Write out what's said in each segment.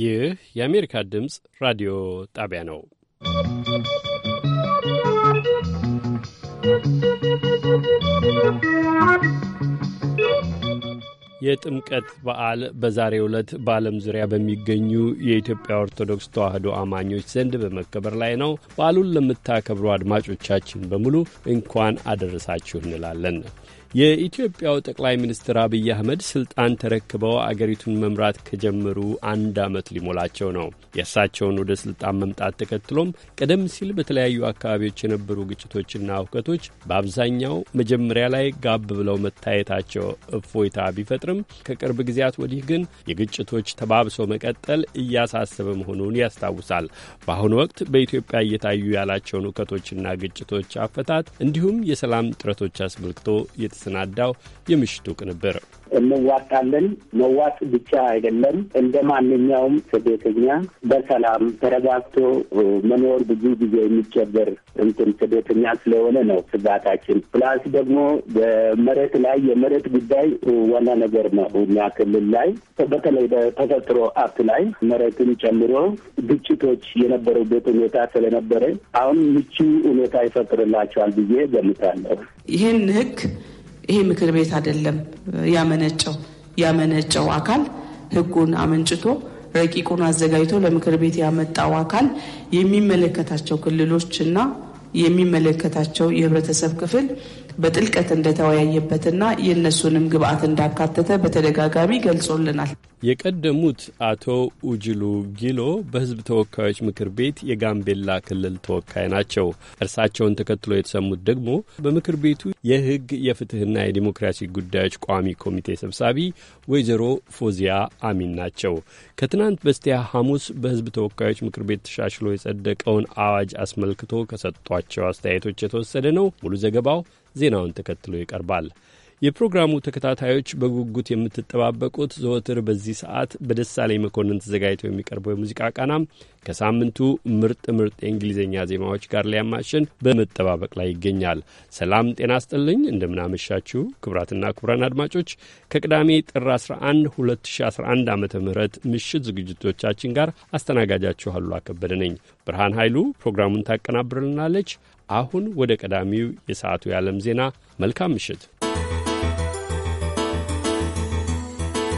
ይህ የአሜሪካ ድምፅ ራዲዮ ጣቢያ ነው። የጥምቀት በዓል በዛሬ ዕለት በዓለም ዙሪያ በሚገኙ የኢትዮጵያ ኦርቶዶክስ ተዋሕዶ አማኞች ዘንድ በመከበር ላይ ነው። በዓሉን ለምታከብሩ አድማጮቻችን በሙሉ እንኳን አደረሳችሁ እንላለን። የኢትዮጵያው ጠቅላይ ሚኒስትር አብይ አህመድ ስልጣን ተረክበው አገሪቱን መምራት ከጀመሩ አንድ ዓመት ሊሞላቸው ነው። የእሳቸውን ወደ ስልጣን መምጣት ተከትሎም ቀደም ሲል በተለያዩ አካባቢዎች የነበሩ ግጭቶችና እውከቶች በአብዛኛው መጀመሪያ ላይ ጋብ ብለው መታየታቸው እፎይታ ቢፈጥርም ከቅርብ ጊዜያት ወዲህ ግን የግጭቶች ተባብሶ መቀጠል እያሳሰበ መሆኑን ያስታውሳል። በአሁኑ ወቅት በኢትዮጵያ እየታዩ ያላቸውን እውከቶችና ግጭቶች አፈታት እንዲሁም የሰላም ጥረቶች አስመልክቶ ያሰናዳው የምሽቱ ቅንብር እንዋጣለን። መዋጥ ብቻ አይደለም። እንደ ማንኛውም ስደተኛ በሰላም ተረጋግቶ መኖር ብዙ ጊዜ የሚቸገር እንትን ስደተኛ ስለሆነ ነው ስጋታችን። ፕላስ ደግሞ በመሬት ላይ የመሬት ጉዳይ ዋና ነገር ነው። እኛ ክልል ላይ በተለይ በተፈጥሮ ሀብት ላይ መሬትን ጨምሮ ግጭቶች የነበረበት ሁኔታ ስለነበረ አሁን ምቹ ሁኔታ ይፈጥርላቸዋል ብዬ ገምታለሁ። ይህን ህግ ይሄ ምክር ቤት አይደለም ያመነጨው ያመነጨው አካል ህጉን አመንጭቶ ረቂቁን አዘጋጅቶ ለምክር ቤት ያመጣው አካል የሚመለከታቸው ክልሎችና የሚመለከታቸው የህብረተሰብ ክፍል በጥልቀት እንደተወያየበትና የእነሱንም ግብአት እንዳካተተ በተደጋጋሚ ገልጾልናል። የቀደሙት አቶ ኡጅሉ ጊሎ በሕዝብ ተወካዮች ምክር ቤት የጋምቤላ ክልል ተወካይ ናቸው። እርሳቸውን ተከትሎ የተሰሙት ደግሞ በምክር ቤቱ የሕግ የፍትህና የዲሞክራሲ ጉዳዮች ቋሚ ኮሚቴ ሰብሳቢ ወይዘሮ ፎዚያ አሚን ናቸው። ከትናንት በስቲያ ሐሙስ በሕዝብ ተወካዮች ምክር ቤት ተሻሽሎ የጸደቀውን አዋጅ አስመልክቶ ከሰጧቸው አስተያየቶች የተወሰደ ነው። ሙሉ ዘገባው ዜናውን ተከትሎ ይቀርባል። የፕሮግራሙ ተከታታዮች በጉጉት የምትጠባበቁት ዘወትር በዚህ ሰዓት በደሳለኝ መኮንን ተዘጋጅቶ የሚቀርበው የሙዚቃ ቃናም ከሳምንቱ ምርጥ ምርጥ የእንግሊዝኛ ዜማዎች ጋር ሊያማሽን በመጠባበቅ ላይ ይገኛል። ሰላም ጤና ስጥልኝ፣ እንደምናመሻችሁ ክቡራትና ክቡራን አድማጮች ከቅዳሜ ጥር 11 2011 ዓ ም ምሽት ዝግጅቶቻችን ጋር አስተናጋጃችኋሉ አከበደ ነኝ። ብርሃን ኃይሉ ፕሮግራሙን ታቀናብርልናለች። አሁን ወደ ቀዳሚው የሰዓቱ የዓለም ዜና። መልካም ምሽት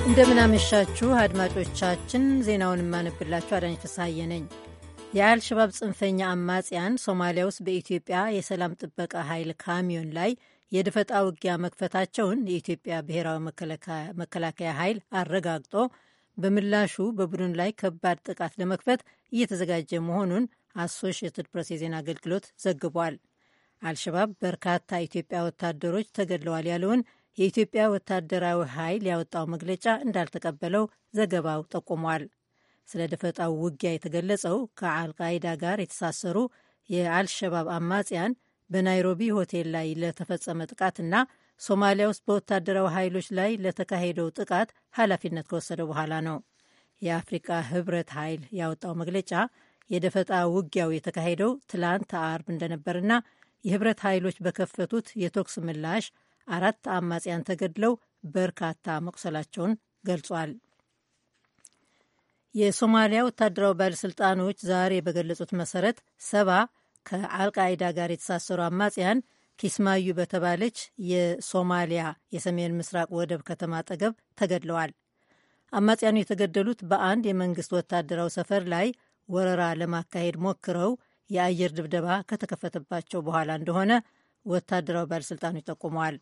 እንደምናመሻችሁ አድማጮቻችን። ዜናውን የማነብላችሁ አዳኝ ፍስሐዬ ነኝ። የአልሸባብ ጽንፈኛ አማጽያን ሶማሊያ ውስጥ በኢትዮጵያ የሰላም ጥበቃ ኃይል ካሚዮን ላይ የድፈጣ ውጊያ መክፈታቸውን የኢትዮጵያ ብሔራዊ መከላከያ ኃይል አረጋግጦ በምላሹ በቡድን ላይ ከባድ ጥቃት ለመክፈት እየተዘጋጀ መሆኑን አሶሺየትድ ፕሬስ የዜና አገልግሎት ዘግቧል። አልሸባብ በርካታ ኢትዮጵያ ወታደሮች ተገድለዋል ያለውን የኢትዮጵያ ወታደራዊ ኃይል ያወጣው መግለጫ እንዳልተቀበለው ዘገባው ጠቁሟል። ስለ ደፈጣው ውጊያ የተገለጸው ከአልቃይዳ ጋር የተሳሰሩ የአልሸባብ አማጽያን በናይሮቢ ሆቴል ላይ ለተፈጸመ ጥቃትና ሶማሊያ ውስጥ በወታደራዊ ኃይሎች ላይ ለተካሄደው ጥቃት ኃላፊነት ከወሰደ በኋላ ነው። የአፍሪቃ ህብረት ኃይል ያወጣው መግለጫ የደፈጣ ውጊያው የተካሄደው ትላንት አርብ እንደነበርና የህብረት ኃይሎች በከፈቱት የተኩስ ምላሽ አራት አማጽያን ተገድለው በርካታ መቁሰላቸውን ገልጿል። የሶማሊያ ወታደራዊ ባለሥልጣኖች ዛሬ በገለጹት መሰረት ሰባ ከአልቃይዳ ጋር የተሳሰሩ አማጽያን ኪስማዩ በተባለች የሶማሊያ የሰሜን ምስራቅ ወደብ ከተማ አጠገብ ተገድለዋል። አማጽያኑ የተገደሉት በአንድ የመንግስት ወታደራዊ ሰፈር ላይ ወረራ ለማካሄድ ሞክረው የአየር ድብደባ ከተከፈተባቸው በኋላ እንደሆነ ወታደራዊ ባለሥልጣኖች ጠቁመዋል።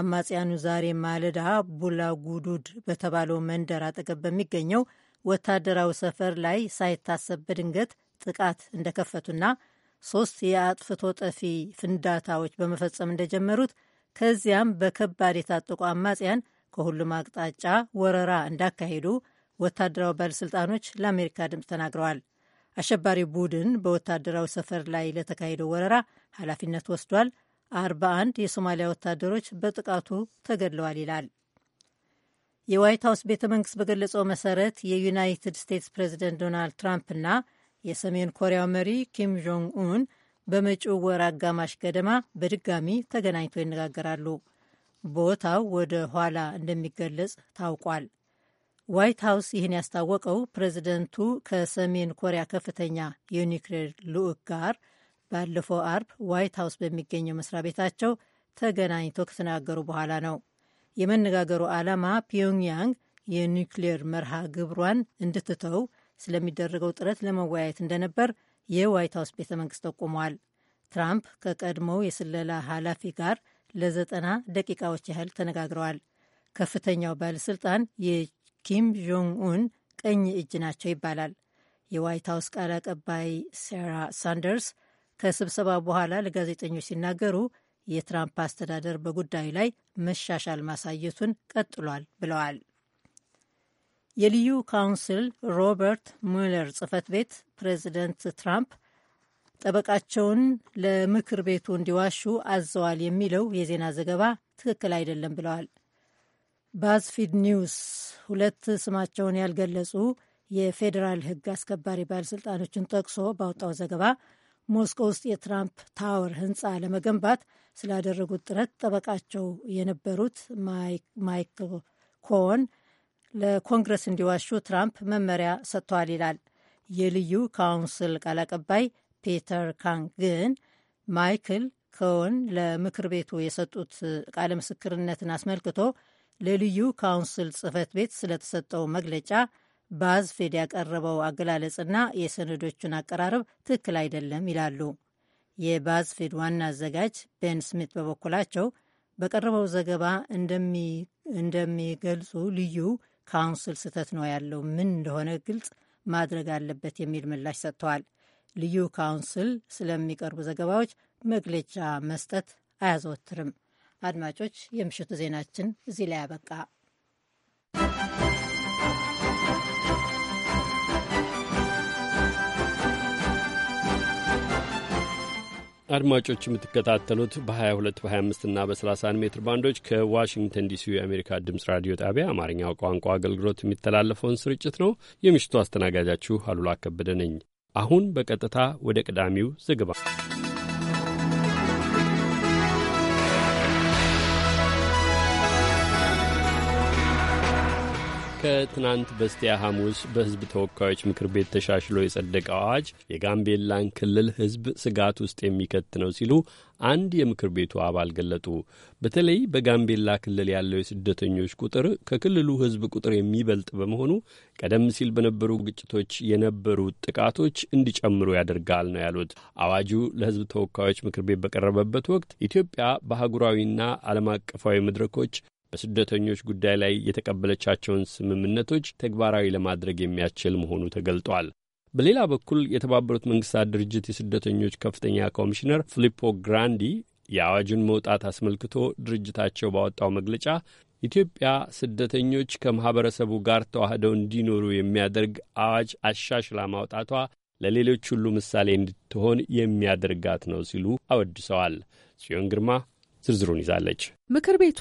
አማጽያኑ ዛሬ ማለዳ ቡላጉዱድ በተባለው መንደር አጠገብ በሚገኘው ወታደራዊ ሰፈር ላይ ሳይታሰብ በድንገት ጥቃት እንደከፈቱና ሶስት የአጥፍቶ ጠፊ ፍንዳታዎች በመፈጸም እንደጀመሩት ከዚያም በከባድ የታጠቁ አማጽያን ከሁሉም አቅጣጫ ወረራ እንዳካሄዱ ወታደራዊ ባለሥልጣኖች ለአሜሪካ ድምፅ ተናግረዋል። አሸባሪው ቡድን በወታደራዊ ሰፈር ላይ ለተካሄደው ወረራ ኃላፊነት ወስዷል። አንድ የሶማሊያ ወታደሮች በጥቃቱ ተገድለዋል ይላል። የዋይት ሀውስ ቤተ መንግስት በገለጸው መሰረት የዩናይትድ ስቴትስ ፕሬዚደንት ዶናልድ ትራምፕና የሰሜን ኮሪያው መሪ ኪም ጆንግ ኡን በመጪው ወር አጋማሽ ገደማ በድጋሚ ተገናኝተው ይነጋገራሉ። ቦታው ወደ ኋላ እንደሚገለጽ ታውቋል። ዋይት ሀውስ ይህን ያስታወቀው ፕሬዚደንቱ ከሰሜን ኮሪያ ከፍተኛ የኒውክሌር ልዑክ ጋር ባለፈው አርብ ዋይት ሀውስ በሚገኘው መስሪያ ቤታቸው ተገናኝተው ከተናገሩ በኋላ ነው። የመነጋገሩ ዓላማ ፒዮንግያንግ የኒውክሌር መርሃ ግብሯን እንድትተው ስለሚደረገው ጥረት ለመወያየት እንደነበር የዋይት ሀውስ ቤተ መንግስት ጠቁሟል። ትራምፕ ከቀድሞው የስለላ ኃላፊ ጋር ለዘጠና ደቂቃዎች ያህል ተነጋግረዋል። ከፍተኛው ባለሥልጣን ኪም ጆንግ ኡን ቀኝ እጅ ናቸው ይባላል። የዋይት ሀውስ ቃል አቀባይ ሴራ ሳንደርስ ከስብሰባ በኋላ ለጋዜጠኞች ሲናገሩ የትራምፕ አስተዳደር በጉዳዩ ላይ መሻሻል ማሳየቱን ቀጥሏል ብለዋል። የልዩ ካውንስል ሮበርት ሙለር ጽህፈት ቤት ፕሬዚደንት ትራምፕ ጠበቃቸውን ለምክር ቤቱ እንዲዋሹ አዘዋል የሚለው የዜና ዘገባ ትክክል አይደለም ብለዋል። ባዝፊድ ኒውስ ሁለት ስማቸውን ያልገለጹ የፌዴራል ሕግ አስከባሪ ባለሥልጣኖችን ጠቅሶ ባወጣው ዘገባ ሞስኮ ውስጥ የትራምፕ ታወር ህንፃ ለመገንባት ስላደረጉት ጥረት ጠበቃቸው የነበሩት ማይክ ኮን ለኮንግረስ እንዲዋሹ ትራምፕ መመሪያ ሰጥተዋል ይላል። የልዩ ካውንስል ቃል አቀባይ ፒተር ካንግ ግን ማይክል ኮን ለምክር ቤቱ የሰጡት ቃለ ምስክርነትን አስመልክቶ ለልዩ ካውንስል ጽህፈት ቤት ስለተሰጠው መግለጫ በአዝፌድ ያቀረበው አገላለጽና የሰነዶቹን አቀራረብ ትክክል አይደለም ይላሉ። የባዝፌድ ዋና አዘጋጅ ቤን ስሚት በበኩላቸው በቀረበው ዘገባ እንደሚገልጹ ልዩ ካውንስል ስህተት ነው ያለው ምን እንደሆነ ግልጽ ማድረግ አለበት የሚል ምላሽ ሰጥተዋል። ልዩ ካውንስል ስለሚቀርቡ ዘገባዎች መግለጫ መስጠት አያዘወትርም። አድማጮች፣ የምሽቱ ዜናችን እዚህ ላይ አበቃ። አድማጮች የምትከታተሉት በ22 በ25 እና በ31 ሜትር ባንዶች ከዋሽንግተን ዲሲ የአሜሪካ ድምፅ ራዲዮ ጣቢያ አማርኛው ቋንቋ አገልግሎት የሚተላለፈውን ስርጭት ነው። የምሽቱ አስተናጋጃችሁ አሉላ ከበደ ነኝ። አሁን በቀጥታ ወደ ቀዳሚው ዘገባ ከትናንት በስቲያ ሐሙስ በሕዝብ ተወካዮች ምክር ቤት ተሻሽሎ የጸደቀ አዋጅ የጋምቤላን ክልል ሕዝብ ስጋት ውስጥ የሚከት ነው ሲሉ አንድ የምክር ቤቱ አባል ገለጡ። በተለይ በጋምቤላ ክልል ያለው የስደተኞች ቁጥር ከክልሉ ሕዝብ ቁጥር የሚበልጥ በመሆኑ ቀደም ሲል በነበሩ ግጭቶች የነበሩ ጥቃቶች እንዲጨምሩ ያደርጋል ነው ያሉት። አዋጁ ለሕዝብ ተወካዮች ምክር ቤት በቀረበበት ወቅት ኢትዮጵያ በአህጉራዊና ዓለም አቀፋዊ መድረኮች በስደተኞች ጉዳይ ላይ የተቀበለቻቸውን ስምምነቶች ተግባራዊ ለማድረግ የሚያስችል መሆኑ ተገልጧል። በሌላ በኩል የተባበሩት መንግስታት ድርጅት የስደተኞች ከፍተኛ ኮሚሽነር ፊሊፖ ግራንዲ የአዋጁን መውጣት አስመልክቶ ድርጅታቸው ባወጣው መግለጫ ኢትዮጵያ ስደተኞች ከማኅበረሰቡ ጋር ተዋህደው እንዲኖሩ የሚያደርግ አዋጅ አሻሽላ ማውጣቷ ለሌሎች ሁሉ ምሳሌ እንድትሆን የሚያደርጋት ነው ሲሉ አወድሰዋል። ጽዮን ግርማ ዝርዝሩን ይዛለች። ምክር ቤቱ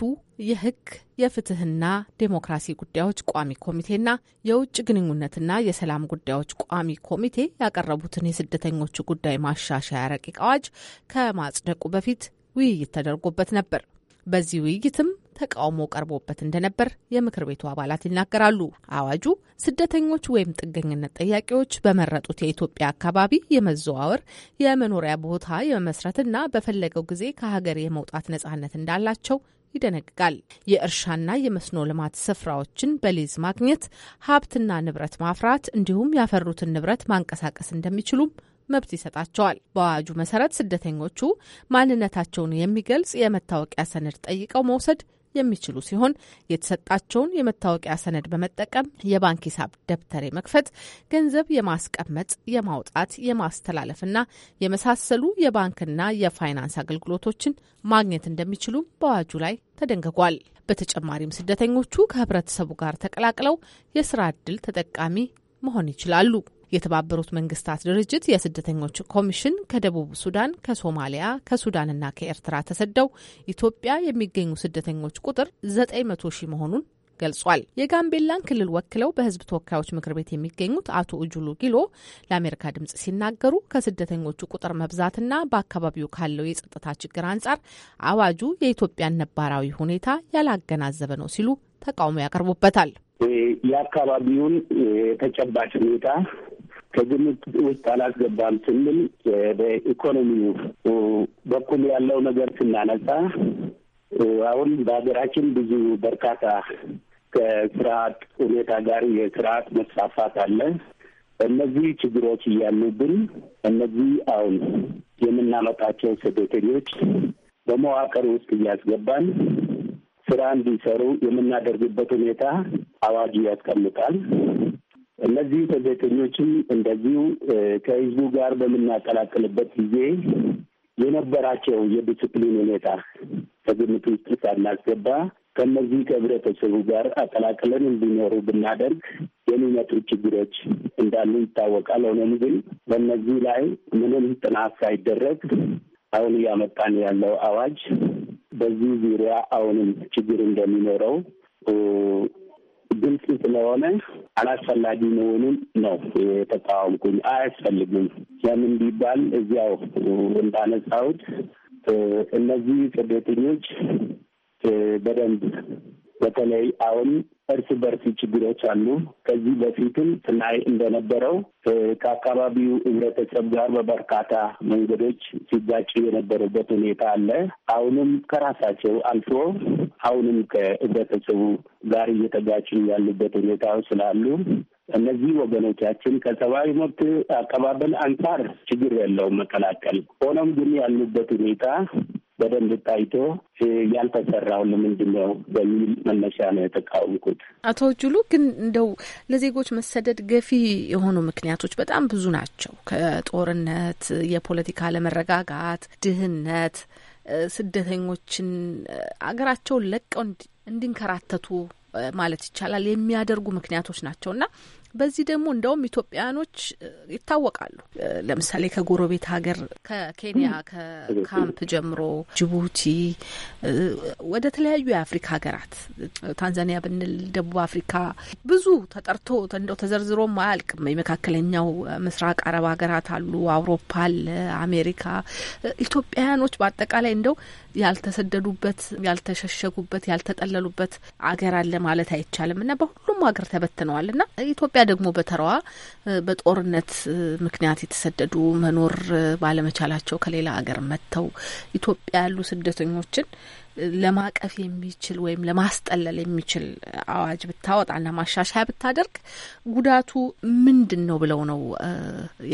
የህግ የፍትህና ዴሞክራሲ ጉዳዮች ቋሚ ኮሚቴና የውጭ ግንኙነትና የሰላም ጉዳዮች ቋሚ ኮሚቴ ያቀረቡትን የስደተኞቹ ጉዳይ ማሻሻያ ረቂቅ አዋጅ ከማጽደቁ በፊት ውይይት ተደርጎበት ነበር። በዚህ ውይይትም ተቃውሞ ቀርቦበት እንደነበር የምክር ቤቱ አባላት ይናገራሉ። አዋጁ ስደተኞች ወይም ጥገኝነት ጠያቂዎች በመረጡት የኢትዮጵያ አካባቢ የመዘዋወር የመኖሪያ ቦታ የመመስረትና በፈለገው ጊዜ ከሀገር የመውጣት ነጻነት እንዳላቸው ይደነግጋል። የእርሻና የመስኖ ልማት ስፍራዎችን በሊዝ ማግኘት ሀብትና ንብረት ማፍራት እንዲሁም ያፈሩትን ንብረት ማንቀሳቀስ እንደሚችሉም መብት ይሰጣቸዋል። በአዋጁ መሰረት ስደተኞቹ ማንነታቸውን የሚገልጽ የመታወቂያ ሰነድ ጠይቀው መውሰድ የሚችሉ ሲሆን የተሰጣቸውን የመታወቂያ ሰነድ በመጠቀም የባንክ ሂሳብ ደብተር የመክፈት፣ ገንዘብ የማስቀመጥ፣ የማውጣት፣ የማስተላለፍና የመሳሰሉ የባንክና የፋይናንስ አገልግሎቶችን ማግኘት እንደሚችሉ በአዋጁ ላይ ተደንግጓል። በተጨማሪም ስደተኞቹ ከህብረተሰቡ ጋር ተቀላቅለው የስራ ዕድል ተጠቃሚ መሆን ይችላሉ። የተባበሩት መንግስታት ድርጅት የስደተኞች ኮሚሽን ከደቡብ ሱዳን፣ ከሶማሊያ፣ ከሱዳንና ከኤርትራ ተሰደው ኢትዮጵያ የሚገኙ ስደተኞች ቁጥር 900 ሺህ መሆኑን ገልጿል። የጋምቤላን ክልል ወክለው በህዝብ ተወካዮች ምክር ቤት የሚገኙት አቶ እጁሉ ጊሎ ለአሜሪካ ድምጽ ሲናገሩ ከስደተኞቹ ቁጥር መብዛትና በአካባቢው ካለው የጸጥታ ችግር አንጻር አዋጁ የኢትዮጵያን ነባራዊ ሁኔታ ያላገናዘበ ነው ሲሉ ተቃውሞ ያቀርቡበታል። የአካባቢውን ተጨባጭ ሁኔታ ከግምት ውስጥ አላስገባም ስንል በኢኮኖሚው በኩል ያለው ነገር ስናነሳ አሁን በሀገራችን ብዙ በርካታ ከስርዓት ሁኔታ ጋር የስርዓት መስፋፋት አለ። እነዚህ ችግሮች እያሉብን እነዚህ አሁን የምናመጣቸው ስደተኞች በመዋቅር ውስጥ እያስገባን ስራ እንዲሰሩ የምናደርግበት ሁኔታ አዋጁ ያስቀምጣል። እነዚህ ጋዜጠኞችም እንደዚሁ ከህዝቡ ጋር በምናቀላቅልበት ጊዜ የነበራቸው የዲስፕሊን ሁኔታ ከግምት ውስጥ ሳናስገባ ከነዚህ ከህብረተሰቡ ጋር አቀላቅለን እንዲኖሩ ብናደርግ የሚመጡ ችግሮች እንዳሉ ይታወቃል። ሆኖም ግን በእነዚህ ላይ ምንም ጥናት ሳይደረግ አሁን እያመጣን ያለው አዋጅ በዚህ ዙሪያ አሁንም ችግር እንደሚኖረው ግልጽ ስለሆነ አላስፈላጊ መሆኑን ነው የተቃወምኩኝ። አያስፈልግም። ለምን ቢባል እዚያው እንዳነሳሁት እነዚህ ስደተኞች በደንብ በተለይ አሁን እርስ በርስ ችግሮች አሉ። ከዚህ በፊትም ስናይ እንደነበረው ከአካባቢው ሕብረተሰብ ጋር በበርካታ መንገዶች ሲጋጭ የነበረበት ሁኔታ አለ። አሁንም ከራሳቸው አልፎ አሁንም ከሕብረተሰቡ ጋር እየተጋጭን ያሉበት ሁኔታዎች ስላሉ እነዚህ ወገኖቻችን ከሰብአዊ መብት አቀባበል አንጻር ችግር የለውም መቀላቀል። ሆኖም ግን ያሉበት ሁኔታ በደንብ ታይቶ ያልተሰራው ለምንድን ነው በሚል መነሻ ነው የተቃወምኩት። አቶ ጁሉ ግን እንደው ለዜጎች መሰደድ ገፊ የሆኑ ምክንያቶች በጣም ብዙ ናቸው። ከጦርነት፣ የፖለቲካ አለመረጋጋት፣ ድህነት ስደተኞችን አገራቸውን ለቀው እንዲንከራተቱ ማለት ይቻላል የሚያደርጉ ምክንያቶች ናቸው እና በዚህ ደግሞ እንደውም ኢትዮጵያኖች ይታወቃሉ። ለምሳሌ ከጎረቤት ሀገር ከኬንያ ከካምፕ ጀምሮ ጅቡቲ፣ ወደ ተለያዩ የአፍሪካ ሀገራት ታንዛኒያ ብንል ደቡብ አፍሪካ ብዙ ተጠርቶ እንደው ተዘርዝሮም አያልቅም። የመካከለኛው ምስራቅ አረብ ሀገራት አሉ፣ አውሮፓ አለ፣ አሜሪካ ኢትዮጵያውያኖች በአጠቃላይ እንደው ያልተሰደዱበት፣ ያልተሸሸጉበት፣ ያልተጠለሉበት አገር አለ ማለት አይቻልም እና በሁሉም ሀገር ተበትነዋል እና ኢትዮጵያ ደግሞ በተራዋ በጦርነት ምክንያት የተሰደዱ መኖር ባለመቻላቸው ከሌላ ሀገር መጥተው ኢትዮጵያ ያሉ ስደተኞችን ለማቀፍ የሚችል ወይም ለማስጠለል የሚችል አዋጅ ብታወጣና ማሻሻያ ብታደርግ ጉዳቱ ምንድን ነው ብለው ነው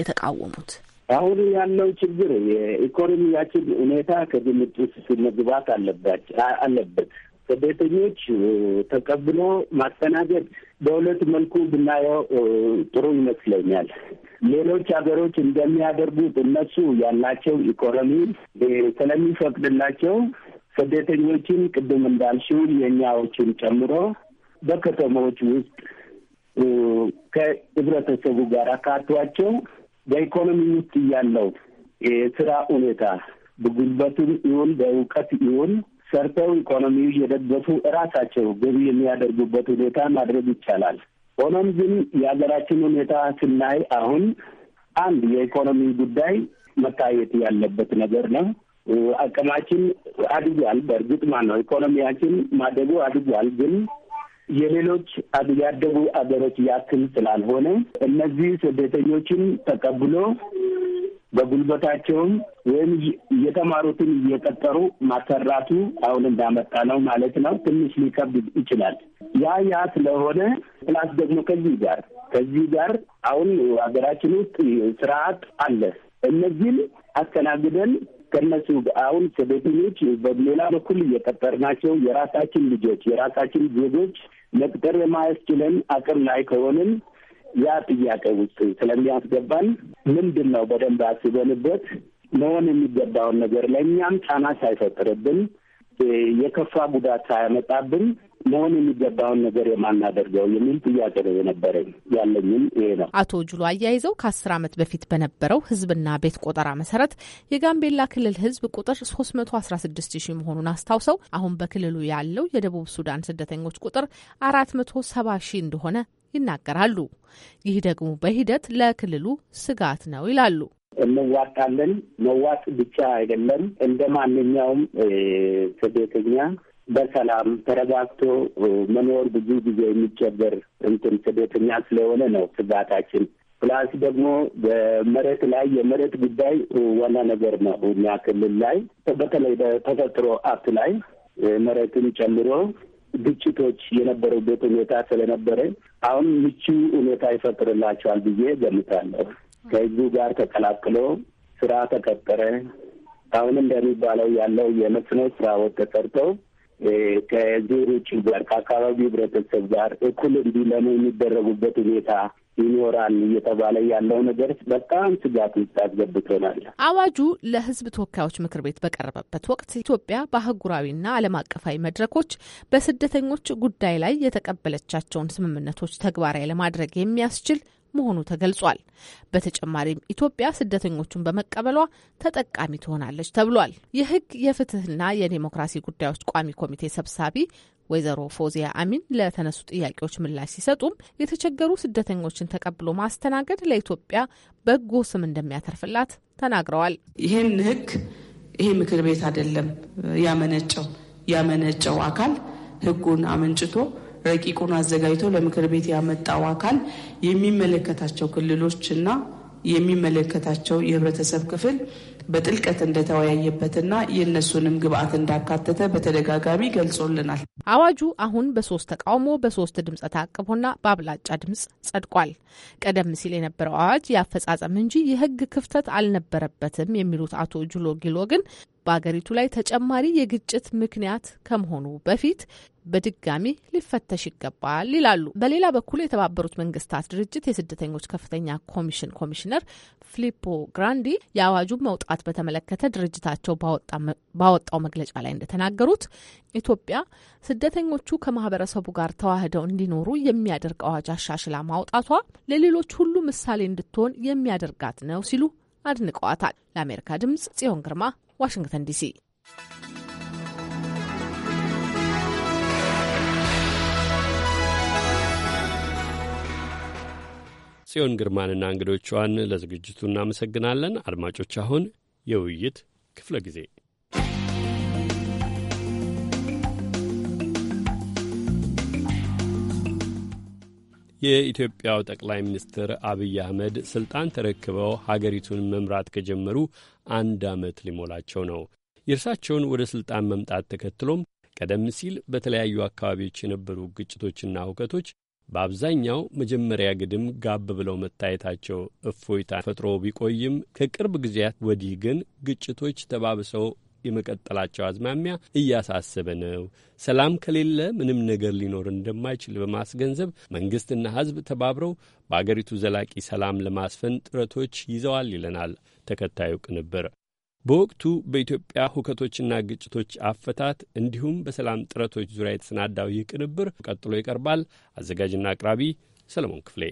የተቃወሙት? አሁን ያለው ችግር የኢኮኖሚያችን ሁኔታ ከግምት ውስጥ መግባት አለበት። ስደተኞች ተቀብሎ ማስተናገድ በሁለት መልኩ ብናየው ጥሩ ይመስለኛል። ሌሎች ሀገሮች እንደሚያደርጉት እነሱ ያላቸው ኢኮኖሚ ስለሚፈቅድላቸው ስደተኞችን ቅድም እንዳልሽው የእኛዎችን ጨምሮ በከተሞች ውስጥ ከህብረተሰቡ ጋር አካቷቸው በኢኮኖሚ ውስጥ ያለው የስራ ሁኔታ በጉልበቱም ይሁን በእውቀት ይሁን ሰርተው ኢኮኖሚ የደገፉ እራሳቸው ገቢ የሚያደርጉበት ሁኔታ ማድረግ ይቻላል። ሆኖም ግን የሀገራችን ሁኔታ ስናይ አሁን አንድ የኢኮኖሚ ጉዳይ መታየት ያለበት ነገር ነው። አቅማችን አድጓል፣ በእርግጥ ማን ነው ኢኮኖሚያችን ማደጉ አድጓል፣ ግን የሌሎች ያደጉ አገሮች ያክል ስላልሆነ እነዚህ ስደተኞችን ተቀብሎ በጉልበታቸውም ወይም የተማሩትን እየቀጠሩ ማሰራቱ አሁን እንዳመጣ ነው ማለት ነው። ትንሽ ሊከብድ ይችላል። ያ ያ ስለሆነ ፕላስ ደግሞ ከዚህ ጋር ከዚህ ጋር አሁን ሀገራችን ውስጥ ስርዓት አለ። እነዚህን አስተናግደን ከነሱ አሁን ስደተኞች በሌላ በኩል ናቸው የራሳችን ልጆች የራሳችን ዜጎች መቅጠር የማያስችለን አቅም ላይ ከሆንን ያ ጥያቄ ውስጥ ስለሚያስገባን ምንድን ነው በደንብ አስበንበት መሆን የሚገባውን ነገር ለእኛም ጫና ሳይፈጥርብን የከፋ ጉዳት ሳያመጣብን መሆን የሚገባውን ነገር የማናደርገው የሚል ጥያቄ ነው የነበረኝ። ያለኝም ይሄ ነው። አቶ ጁሎ አያይዘው ከአስር ዓመት በፊት በነበረው ህዝብና ቤት ቆጠራ መሰረት የጋምቤላ ክልል ህዝብ ቁጥር ሶስት መቶ አስራ ስድስት ሺህ መሆኑን አስታውሰው አሁን በክልሉ ያለው የደቡብ ሱዳን ስደተኞች ቁጥር አራት መቶ ሰባ ሺህ እንደሆነ ይናገራሉ። ይህ ደግሞ በሂደት ለክልሉ ስጋት ነው ይላሉ። እንዋጣለን መዋጥ ብቻ አይደለም እንደ ማንኛውም ስደተኛ በሰላም ተረጋግቶ መኖር ብዙ ጊዜ የሚቸገር እንትን ስደተኛ ስለሆነ ነው ስጋታችን። ፕላስ ደግሞ በመሬት ላይ የመሬት ጉዳይ ዋና ነገር ነው። እኛ ክልል ላይ በተለይ በተፈጥሮ ሀብት ላይ መሬትን ጨምሮ ግጭቶች የነበሩበት ሁኔታ ስለነበረ አሁን ምቹ ሁኔታ ይፈጥርላቸዋል ብዬ ገምታለሁ። ከህዝቡ ጋር ተቀላቅሎ ስራ ተቀጠረ። አሁን እንደሚባለው ያለው የመስኖ ስራዎች ተሰርተው ከዚህ ውጭ ጋር ከአካባቢው ህብረተሰብ ጋር እኩል እንዲለሙ የሚደረጉበት ሁኔታ ይኖራል እየተባለ ያለው ነገር በጣም ስጋት ውስጥ አስገብቶናል። አዋጁ ለህዝብ ተወካዮች ምክር ቤት በቀረበበት ወቅት ኢትዮጵያ በአህጉራዊና ዓለም አቀፋዊ መድረኮች በስደተኞች ጉዳይ ላይ የተቀበለቻቸውን ስምምነቶች ተግባራዊ ለማድረግ የሚያስችል መሆኑ ተገልጿል። በተጨማሪም ኢትዮጵያ ስደተኞቹን በመቀበሏ ተጠቃሚ ትሆናለች ተብሏል። የህግ የፍትህና የዴሞክራሲ ጉዳዮች ቋሚ ኮሚቴ ሰብሳቢ ወይዘሮ ፎዚያ አሚን ለተነሱ ጥያቄዎች ምላሽ ሲሰጡም የተቸገሩ ስደተኞችን ተቀብሎ ማስተናገድ ለኢትዮጵያ በጎ ስም እንደሚያተርፍላት ተናግረዋል። ይህን ህግ ይሄ ምክር ቤት አይደለም ያመነጨው ያመነጨው አካል ህጉን አመንጭቶ ረቂቁን አዘጋጅቶ ለምክር ቤት ያመጣው አካል የሚመለከታቸው ክልሎችና የሚመለከታቸው የህብረተሰብ ክፍል በጥልቀት እንደተወያየበትና የእነሱንም ግብአት እንዳካተተ በተደጋጋሚ ገልጾልናል። አዋጁ አሁን በሶስት ተቃውሞ በሶስት ድምፅ ታቅቦና በአብላጫ ድምፅ ጸድቋል። ቀደም ሲል የነበረው አዋጅ የአፈጻጸም እንጂ የህግ ክፍተት አልነበረበትም የሚሉት አቶ ጁሎ ጊሎ ግን በአገሪቱ ላይ ተጨማሪ የግጭት ምክንያት ከመሆኑ በፊት በድጋሚ ሊፈተሽ ይገባል ይላሉ። በሌላ በኩል የተባበሩት መንግስታት ድርጅት የስደተኞች ከፍተኛ ኮሚሽን ኮሚሽነር ፊሊፖ ግራንዲ የአዋጁን መውጣት በተመለከተ ድርጅታቸው ባወጣው መግለጫ ላይ እንደተናገሩት ኢትዮጵያ ስደተኞቹ ከማህበረሰቡ ጋር ተዋህደው እንዲኖሩ የሚያደርግ አዋጅ አሻሽላ ማውጣቷ ለሌሎች ሁሉ ምሳሌ እንድትሆን የሚያደርጋት ነው ሲሉ አድንቀዋታል። ለአሜሪካ ድምጽ ጽዮን ግርማ ዋሽንግተን ዲሲ። ጽዮን ግርማንና እንግዶቿን ለዝግጅቱ እናመሰግናለን። አድማጮች አሁን የውይይት ክፍለ ጊዜ የኢትዮጵያው ጠቅላይ ሚኒስትር አብይ አህመድ ስልጣን ተረክበው ሀገሪቱን መምራት ከጀመሩ አንድ ዓመት ሊሞላቸው ነው። የእርሳቸውን ወደ ስልጣን መምጣት ተከትሎም ቀደም ሲል በተለያዩ አካባቢዎች የነበሩ ግጭቶችና ሁከቶች በአብዛኛው መጀመሪያ ግድም ጋብ ብለው መታየታቸው እፎይታ ፈጥሮ ቢቆይም ከቅርብ ጊዜያት ወዲህ ግን ግጭቶች ተባብሰው የመቀጠላቸው አዝማሚያ እያሳሰበ ነው። ሰላም ከሌለ ምንም ነገር ሊኖር እንደማይችል በማስገንዘብ መንግስትና ሕዝብ ተባብረው በአገሪቱ ዘላቂ ሰላም ለማስፈን ጥረቶች ይዘዋል ይለናል ተከታዩ ቅንብር። በወቅቱ በኢትዮጵያ ሁከቶችና ግጭቶች አፈታት እንዲሁም በሰላም ጥረቶች ዙሪያ የተሰናዳው ይህ ቅንብር ቀጥሎ ይቀርባል። አዘጋጅና አቅራቢ ሰለሞን ክፍሌ።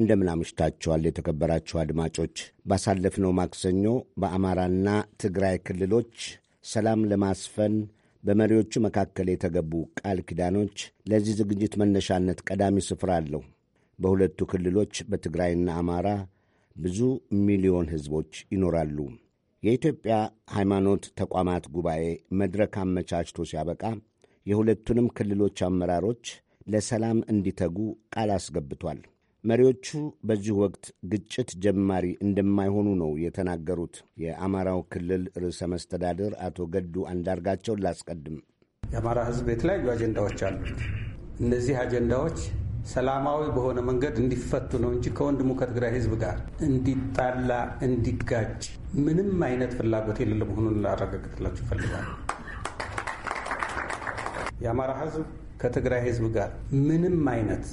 እንደምን አምሽታችኋል የተከበራችሁ አድማጮች። ባሳለፍነው ማክሰኞ በአማራና ትግራይ ክልሎች ሰላም ለማስፈን በመሪዎቹ መካከል የተገቡ ቃል ኪዳኖች ለዚህ ዝግጅት መነሻነት ቀዳሚ ስፍራ አለው። በሁለቱ ክልሎች በትግራይና አማራ ብዙ ሚሊዮን ሕዝቦች ይኖራሉ። የኢትዮጵያ ሃይማኖት ተቋማት ጉባኤ መድረክ አመቻችቶ ሲያበቃ የሁለቱንም ክልሎች አመራሮች ለሰላም እንዲተጉ ቃል አስገብቷል። መሪዎቹ በዚህ ወቅት ግጭት ጀማሪ እንደማይሆኑ ነው የተናገሩት። የአማራው ክልል ርዕሰ መስተዳድር አቶ ገዱ አንዳርጋቸውን ላስቀድም። የአማራ ሕዝብ የተለያዩ አጀንዳዎች አሉት። እነዚህ አጀንዳዎች ሰላማዊ በሆነ መንገድ እንዲፈቱ ነው እንጂ ከወንድሙ ከትግራይ ሕዝብ ጋር እንዲጣላ፣ እንዲጋጭ ምንም አይነት ፍላጎት የሌለ መሆኑን ላረጋግጥላችሁ ይፈልጋል። የአማራ ሕዝብ ከትግራይ ሕዝብ ጋር ምንም አይነት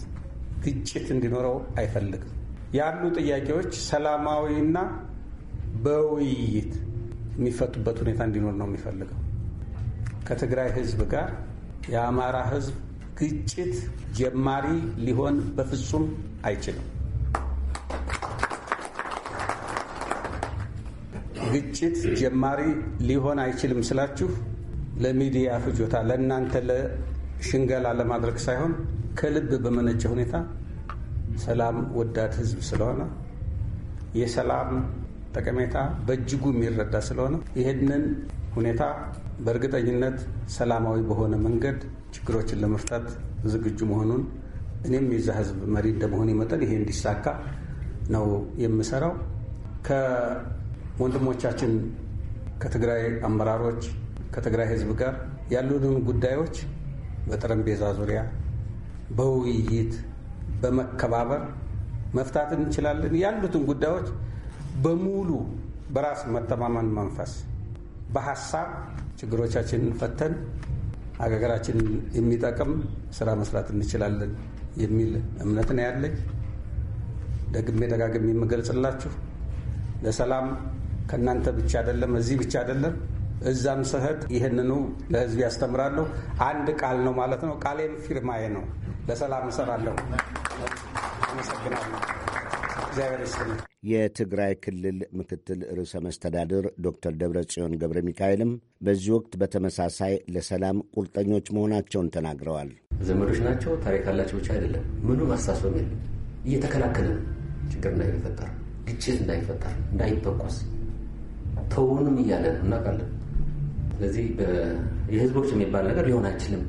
ግጭት እንዲኖረው አይፈልግም። ያሉ ጥያቄዎች ሰላማዊና በውይይት የሚፈቱበት ሁኔታ እንዲኖር ነው የሚፈልገው። ከትግራይ ህዝብ ጋር የአማራ ህዝብ ግጭት ጀማሪ ሊሆን በፍጹም አይችልም። ግጭት ጀማሪ ሊሆን አይችልም ስላችሁ ለሚዲያ ፍጆታ ለእናንተ ለሽንገላ ለማድረግ ሳይሆን ከልብ በመነጨ ሁኔታ ሰላም ወዳድ ህዝብ ስለሆነ የሰላም ጠቀሜታ በእጅጉ የሚረዳ ስለሆነ ይህንን ሁኔታ በእርግጠኝነት ሰላማዊ በሆነ መንገድ ችግሮችን ለመፍታት ዝግጁ መሆኑን እኔም የዛ ህዝብ መሪ እንደመሆን መጠን ይሄ እንዲሳካ ነው የምሰራው። ከወንድሞቻችን ከትግራይ አመራሮች ከትግራይ ህዝብ ጋር ያሉንን ጉዳዮች በጠረጴዛ ዙሪያ በውይይት በመከባበር መፍታት እንችላለን። ያሉትን ጉዳዮች በሙሉ በራስ መተማመን መንፈስ በሀሳብ ችግሮቻችንን ፈተን አገራችንን የሚጠቅም ስራ መስራት እንችላለን የሚል እምነት ነው ያለኝ። ደግሜ ደጋግሜ የምገልጽላችሁ ለሰላም ከእናንተ ብቻ አይደለም፣ እዚህ ብቻ አይደለም፣ እዛም ስህት ይህንኑ ለህዝብ ያስተምራለሁ። አንድ ቃል ነው ማለት ነው። ቃሌም ፊርማዬ ነው። ለሰላም እሰራለሁ። አመሰግናለሁ። የትግራይ ክልል ምክትል ርዕሰ መስተዳድር ዶክተር ደብረ ጽዮን ገብረ ሚካኤልም በዚህ ወቅት በተመሳሳይ ለሰላም ቁርጠኞች መሆናቸውን ተናግረዋል። ዘመዶች ናቸው፣ ታሪክ አላቸው ብቻ አይደለም። ምንም አስተሳሰብ የለም። እየተከላከለ ነው ችግር እንዳይፈጠር፣ ግጭት እንዳይፈጠር፣ እንዳይተኮስ ተውንም እያለ ነው እናውቃለን። ስለዚህ የህዝቦች የሚባል ነገር ሊሆን አይችልም።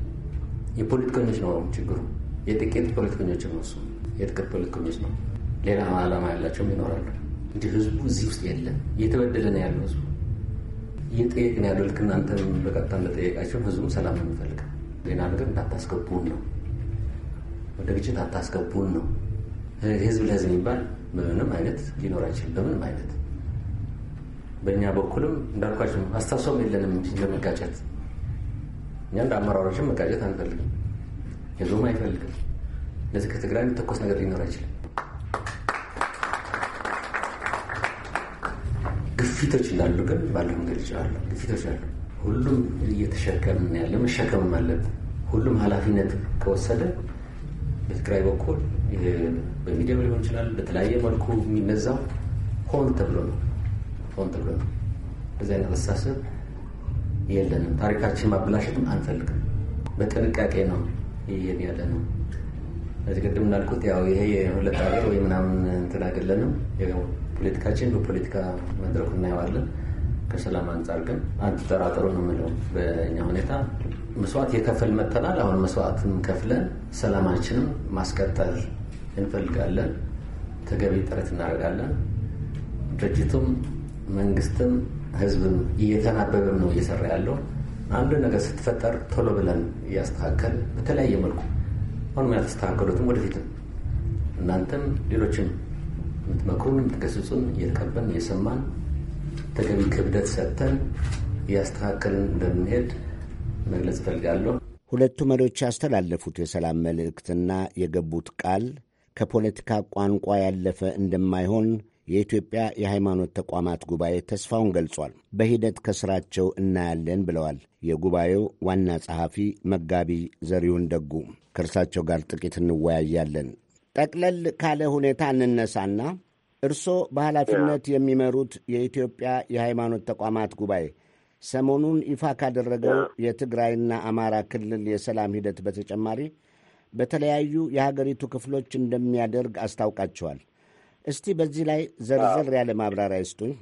የፖለቲከኞች ነው ችግሩ የጥቂት ፖለቲከኞች እነሱ የጥቂት ፖለቲከኞች ነው። ሌላ ዓላማ ያላቸውም ይኖራሉ እንጂ ህዝቡ እዚህ ውስጥ የለም። እየተበደለ ነው ያለው ህዝቡ እየጠየቅ ነው ያለው። ልክ እናንተ በቀጥታ እንደጠየቃቸው ህዝቡ ሰላም ነው የሚፈልግ። ሌላ ነገር እንዳታስገቡን ነው፣ ወደ ግጭት አታስገቡን ነው። ህዝብ ለህዝብ የሚባል በምንም አይነት ሊኖር አይችልም። በምንም አይነት በእኛ በኩልም እንዳልኳቸው አስተሳሰብም የለንም ለመጋጨት። እኛ እንደ አመራሮችን መጋጨት አንፈልግም። ህዝቡም አይፈልግም። ለዚህ ከትግራይ የሚተኮስ ነገር ሊኖር አይችልም። ግፊቶች እንዳሉ ግን ባለ መንገድ ይችላሉ። ግፊቶች አሉ። ሁሉም እየተሸከምን ያለ መሸከምም አለብን። ሁሉም ኃላፊነት ከወሰደ በትግራይ በኩል በሚዲያም ሊሆን ይችላል፣ በተለያየ መልኩ የሚነዛው ሆን ተብሎ ነው። ሆን ተብሎ ነው። በዚህ አይነት አስተሳሰብ የለንም። ታሪካችን ማበላሸትም አንፈልግም። በጥንቃቄ ነው እየሄድን ያለ ነው። እዚህ ቅድም እንዳልኩት ያው ይሄ የሁለት ሀገር ወይ ምናምን እንትን አይደለንም። ፖለቲካችን በፖለቲካ መድረኩ እናየዋለን። ከሰላም አንጻር ግን አትጠራጠሩ ነው የምለው። በእኛ ሁኔታ መስዋዕት የከፈል መጥተናል። አሁን መስዋዕትን ከፍለን ሰላማችንም ማስቀጠል እንፈልጋለን። ተገቢ ጥረት እናደርጋለን። ድርጅቱም መንግስትም ህዝብም እየተናበበም ነው እየሰራ ያለው። አንድ ነገር ስትፈጠር ቶሎ ብለን እያስተካከል በተለያየ መልኩ አሁንም ያልተስተካከሉትም ወደፊትም እናንተም ሌሎችም የምትመክሩን የምትገስጹን እየተቀበን እየሰማን ተገቢ ክብደት ሰጥተን እያስተካከልን እንደምንሄድ መግለጽ እፈልጋለሁ። ሁለቱ መሪዎች ያስተላለፉት የሰላም መልእክትና የገቡት ቃል ከፖለቲካ ቋንቋ ያለፈ እንደማይሆን የኢትዮጵያ የሃይማኖት ተቋማት ጉባኤ ተስፋውን ገልጿል። በሂደት ከስራቸው እናያለን ብለዋል የጉባኤው ዋና ጸሐፊ መጋቢ ዘሪሁን ደጉ። ከእርሳቸው ጋር ጥቂት እንወያያለን። ጠቅለል ካለ ሁኔታ እንነሳና እርስዎ በኃላፊነት የሚመሩት የኢትዮጵያ የሃይማኖት ተቋማት ጉባኤ ሰሞኑን ይፋ ካደረገው የትግራይና አማራ ክልል የሰላም ሂደት በተጨማሪ በተለያዩ የሀገሪቱ ክፍሎች እንደሚያደርግ አስታውቃቸዋል። እስቲ በዚህ ላይ ዘርዘር ያለ ማብራሪያ ይስጡኝ።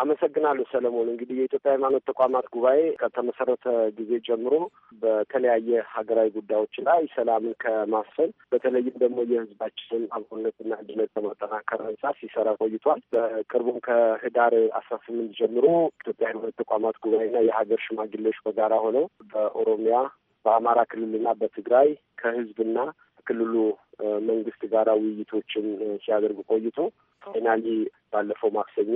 አመሰግናለሁ ሰለሞን። እንግዲህ የኢትዮጵያ ሃይማኖት ተቋማት ጉባኤ ከተመሰረተ ጊዜ ጀምሮ በተለያየ ሀገራዊ ጉዳዮች ላይ ሰላምን ከማስፈን በተለይም ደግሞ የሕዝባችንን አብሮነትና አንድነት ከማጠናከር አንጻር ሲሰራ ቆይቷል። በቅርቡም ከህዳር አስራ ስምንት ጀምሮ ኢትዮጵያ ሃይማኖት ተቋማት ጉባኤና የሀገር ሽማግሌዎች በጋራ ሆነው በኦሮሚያ በአማራ ክልልና በትግራይ ከህዝብና ከክልሉ መንግስት ጋር ውይይቶችን ሲያደርጉ ቆይቶ ፋይናሊ ባለፈው ማክሰኞ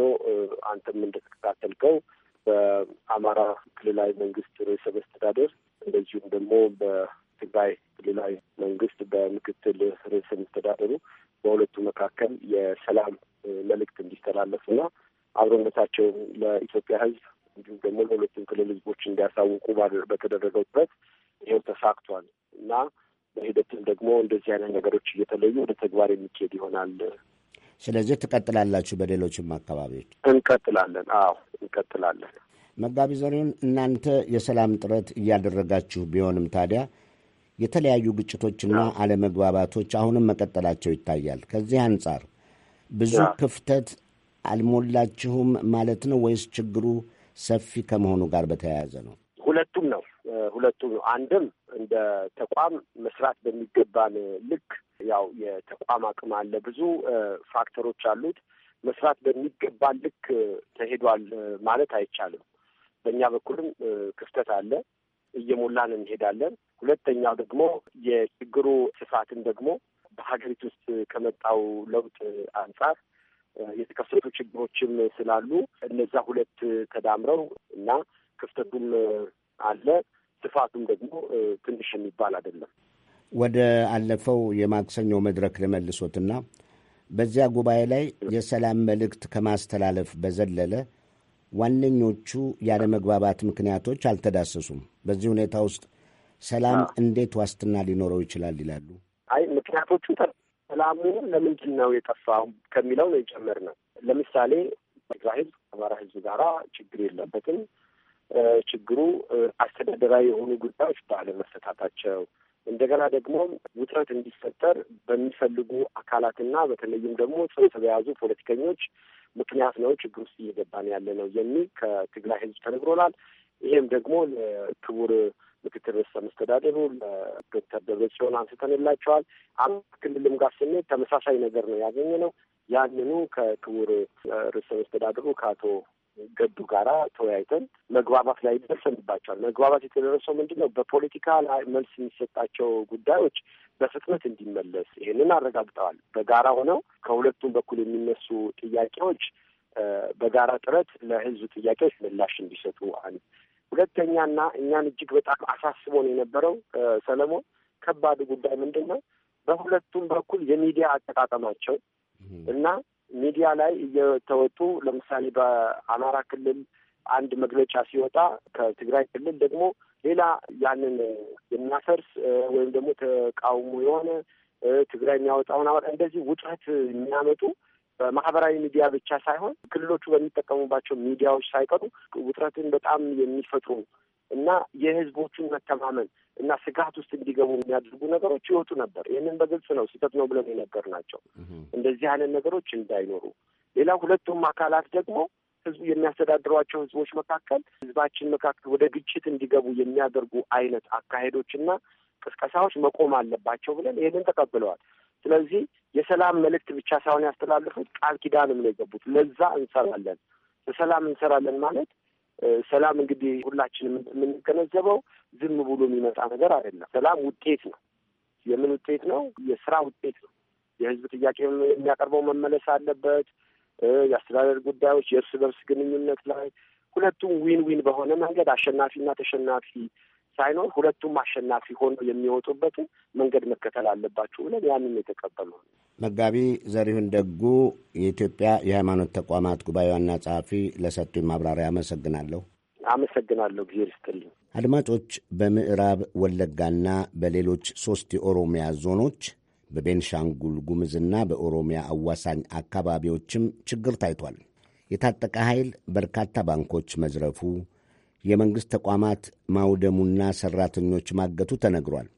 አንተም እንደተከታተልከው በአማራ ክልላዊ መንግስት ርዕሰ መስተዳደር እንደዚሁም ደግሞ በትግራይ ክልላዊ መንግስት በምክትል ርዕሰ መስተዳደሩ በሁለቱ መካከል የሰላም መልእክት እንዲተላለፍና አብሮነታቸውን ለኢትዮጵያ ሕዝብ እንዲሁም ደግሞ ለሁለቱም ክልል ሕዝቦች እንዲያሳውቁ በተደረገው ጥረት ይኸው ተሳክቷል እና በሂደትም ደግሞ እንደዚህ አይነት ነገሮች እየተለዩ ወደ ተግባር የሚካሄድ ይሆናል። ስለዚህ ትቀጥላላችሁ በሌሎችም አካባቢዎች? እንቀጥላለን። አዎ እንቀጥላለን። መጋቢ ዘሪሁን፣ እናንተ የሰላም ጥረት እያደረጋችሁ ቢሆንም ታዲያ የተለያዩ ግጭቶችና አለመግባባቶች አሁንም መቀጠላቸው ይታያል። ከዚህ አንጻር ብዙ ክፍተት አልሞላችሁም ማለት ነው ወይስ ችግሩ ሰፊ ከመሆኑ ጋር በተያያዘ ነው? ሁለቱም ነው። ሁለቱ አንድም እንደ ተቋም መስራት በሚገባን ልክ ያው የተቋም አቅም አለ፣ ብዙ ፋክተሮች አሉት። መስራት በሚገባን ልክ ተሄዷል ማለት አይቻልም። በእኛ በኩልም ክፍተት አለ፣ እየሞላን እንሄዳለን። ሁለተኛው ደግሞ የችግሩ ስፋትን ደግሞ በሀገሪቱ ውስጥ ከመጣው ለውጥ አንጻር የተከሰቱ ችግሮችም ስላሉ እነዛ ሁለት ተዳምረው እና ክፍተቱም አለ ጥፋቱም ደግሞ ትንሽ የሚባል አይደለም። ወደ አለፈው የማክሰኞ መድረክ ልመልሶትና በዚያ ጉባኤ ላይ የሰላም መልእክት ከማስተላለፍ በዘለለ ዋነኞቹ ያለመግባባት ምክንያቶች አልተዳሰሱም። በዚህ ሁኔታ ውስጥ ሰላም እንዴት ዋስትና ሊኖረው ይችላል ይላሉ። አይ ምክንያቶቹ ሰላሙ ለምንድን ነው የጠፋው ከሚለው ነው የጨመር ነው። ለምሳሌ ትግራይ ህዝብ አማራ ህዝብ ጋራ ችግር የለበትም ችግሩ አስተዳደራዊ የሆኑ ጉዳዮች ባለመፈታታቸው እንደገና ደግሞ ውጥረት እንዲፈጠር በሚፈልጉ አካላትና በተለይም ደግሞ ጽኑ የተያዙ ፖለቲከኞች ምክንያት ነው ችግር ውስጥ እየገባን ያለ ነው የሚል ከትግራይ ህዝብ ተነግሮናል። ይሄም ደግሞ ለክቡር ምክትል ርዕሰ መስተዳደሩ ለዶክተር ደብረጽዮን አንስተንላቸዋል። አማራ ክልልም ጋር ስንሄድ ተመሳሳይ ነገር ነው ያገኘ ነው። ያንኑ ከክቡር ርዕሰ መስተዳድሩ ከአቶ ገዱ ጋራ ተወያይተን መግባባት ላይ ደርሰንባቸዋል። መግባባት የተደረሰው ምንድን ነው? በፖለቲካ ላይ መልስ የሚሰጣቸው ጉዳዮች በፍጥነት እንዲመለስ ይሄንን አረጋግጠዋል። በጋራ ሆነው ከሁለቱም በኩል የሚነሱ ጥያቄዎች በጋራ ጥረት ለህዝብ ጥያቄዎች ምላሽ እንዲሰጡ አንድ ሁለተኛና እኛን እጅግ በጣም አሳስቦን የነበረው ሰለሞን ከባድ ጉዳይ ምንድን ነው? በሁለቱም በኩል የሚዲያ አጠቃቀማቸው እና ሚዲያ ላይ እየተወጡ ለምሳሌ በአማራ ክልል አንድ መግለጫ ሲወጣ ከትግራይ ክልል ደግሞ ሌላ ያንን የሚያፈርስ ወይም ደግሞ ተቃውሞ የሆነ ትግራይ የሚያወጣውን አወጣ እንደዚህ ውጥረት የሚያመጡ በማህበራዊ ሚዲያ ብቻ ሳይሆን ክልሎቹ በሚጠቀሙባቸው ሚዲያዎች ሳይቀሩ ውጥረትን በጣም የሚፈጥሩ እና የህዝቦቹን መተማመን እና ስጋት ውስጥ እንዲገቡ የሚያደርጉ ነገሮች ይወጡ ነበር። ይህንን በግልጽ ነው ስህተት ነው ብለን የነገር ናቸው። እንደዚህ አይነት ነገሮች እንዳይኖሩ ሌላ ሁለቱም አካላት ደግሞ ህዝቡ የሚያስተዳድሯቸው ህዝቦች መካከል ህዝባችን መካከል ወደ ግጭት እንዲገቡ የሚያደርጉ አይነት አካሄዶችና ቅስቀሳዎች መቆም አለባቸው ብለን ይህንን ተቀብለዋል። ስለዚህ የሰላም መልእክት ብቻ ሳይሆን ያስተላልፉት ቃል ኪዳንም ነው የገቡት። ለዛ እንሰራለን፣ ለሰላም እንሰራለን ማለት ሰላም እንግዲህ ሁላችንም የምንገነዘበው ዝም ብሎ የሚመጣ ነገር አይደለም። ሰላም ውጤት ነው። የምን ውጤት ነው? የስራ ውጤት ነው። የህዝብ ጥያቄ የሚያቀርበው መመለስ አለበት። የአስተዳደር ጉዳዮች፣ የእርስ በርስ ግንኙነት ላይ ሁለቱም ዊን ዊን በሆነ መንገድ አሸናፊና ተሸናፊ ሳይኖር ሁለቱም አሸናፊ ሆኖ የሚወጡበትን መንገድ መከተል አለባቸው ብለን ያንን የተቀበሉ። መጋቢ ዘሪሁን ደጉ የኢትዮጵያ የሃይማኖት ተቋማት ጉባኤ ዋና ጸሐፊ ለሰጡኝ ማብራሪያ አመሰግናለሁ። አመሰግናለሁ። ጊዜ ይስጥልኝ። አድማጮች በምዕራብ ወለጋና በሌሎች ሦስት የኦሮሚያ ዞኖች በቤንሻንጉል ጉምዝና በኦሮሚያ አዋሳኝ አካባቢዎችም ችግር ታይቷል። የታጠቀ ኃይል በርካታ ባንኮች መዝረፉ የመንግሥት ተቋማት ማውደሙና ሠራተኞች ማገቱ ተነግሯል።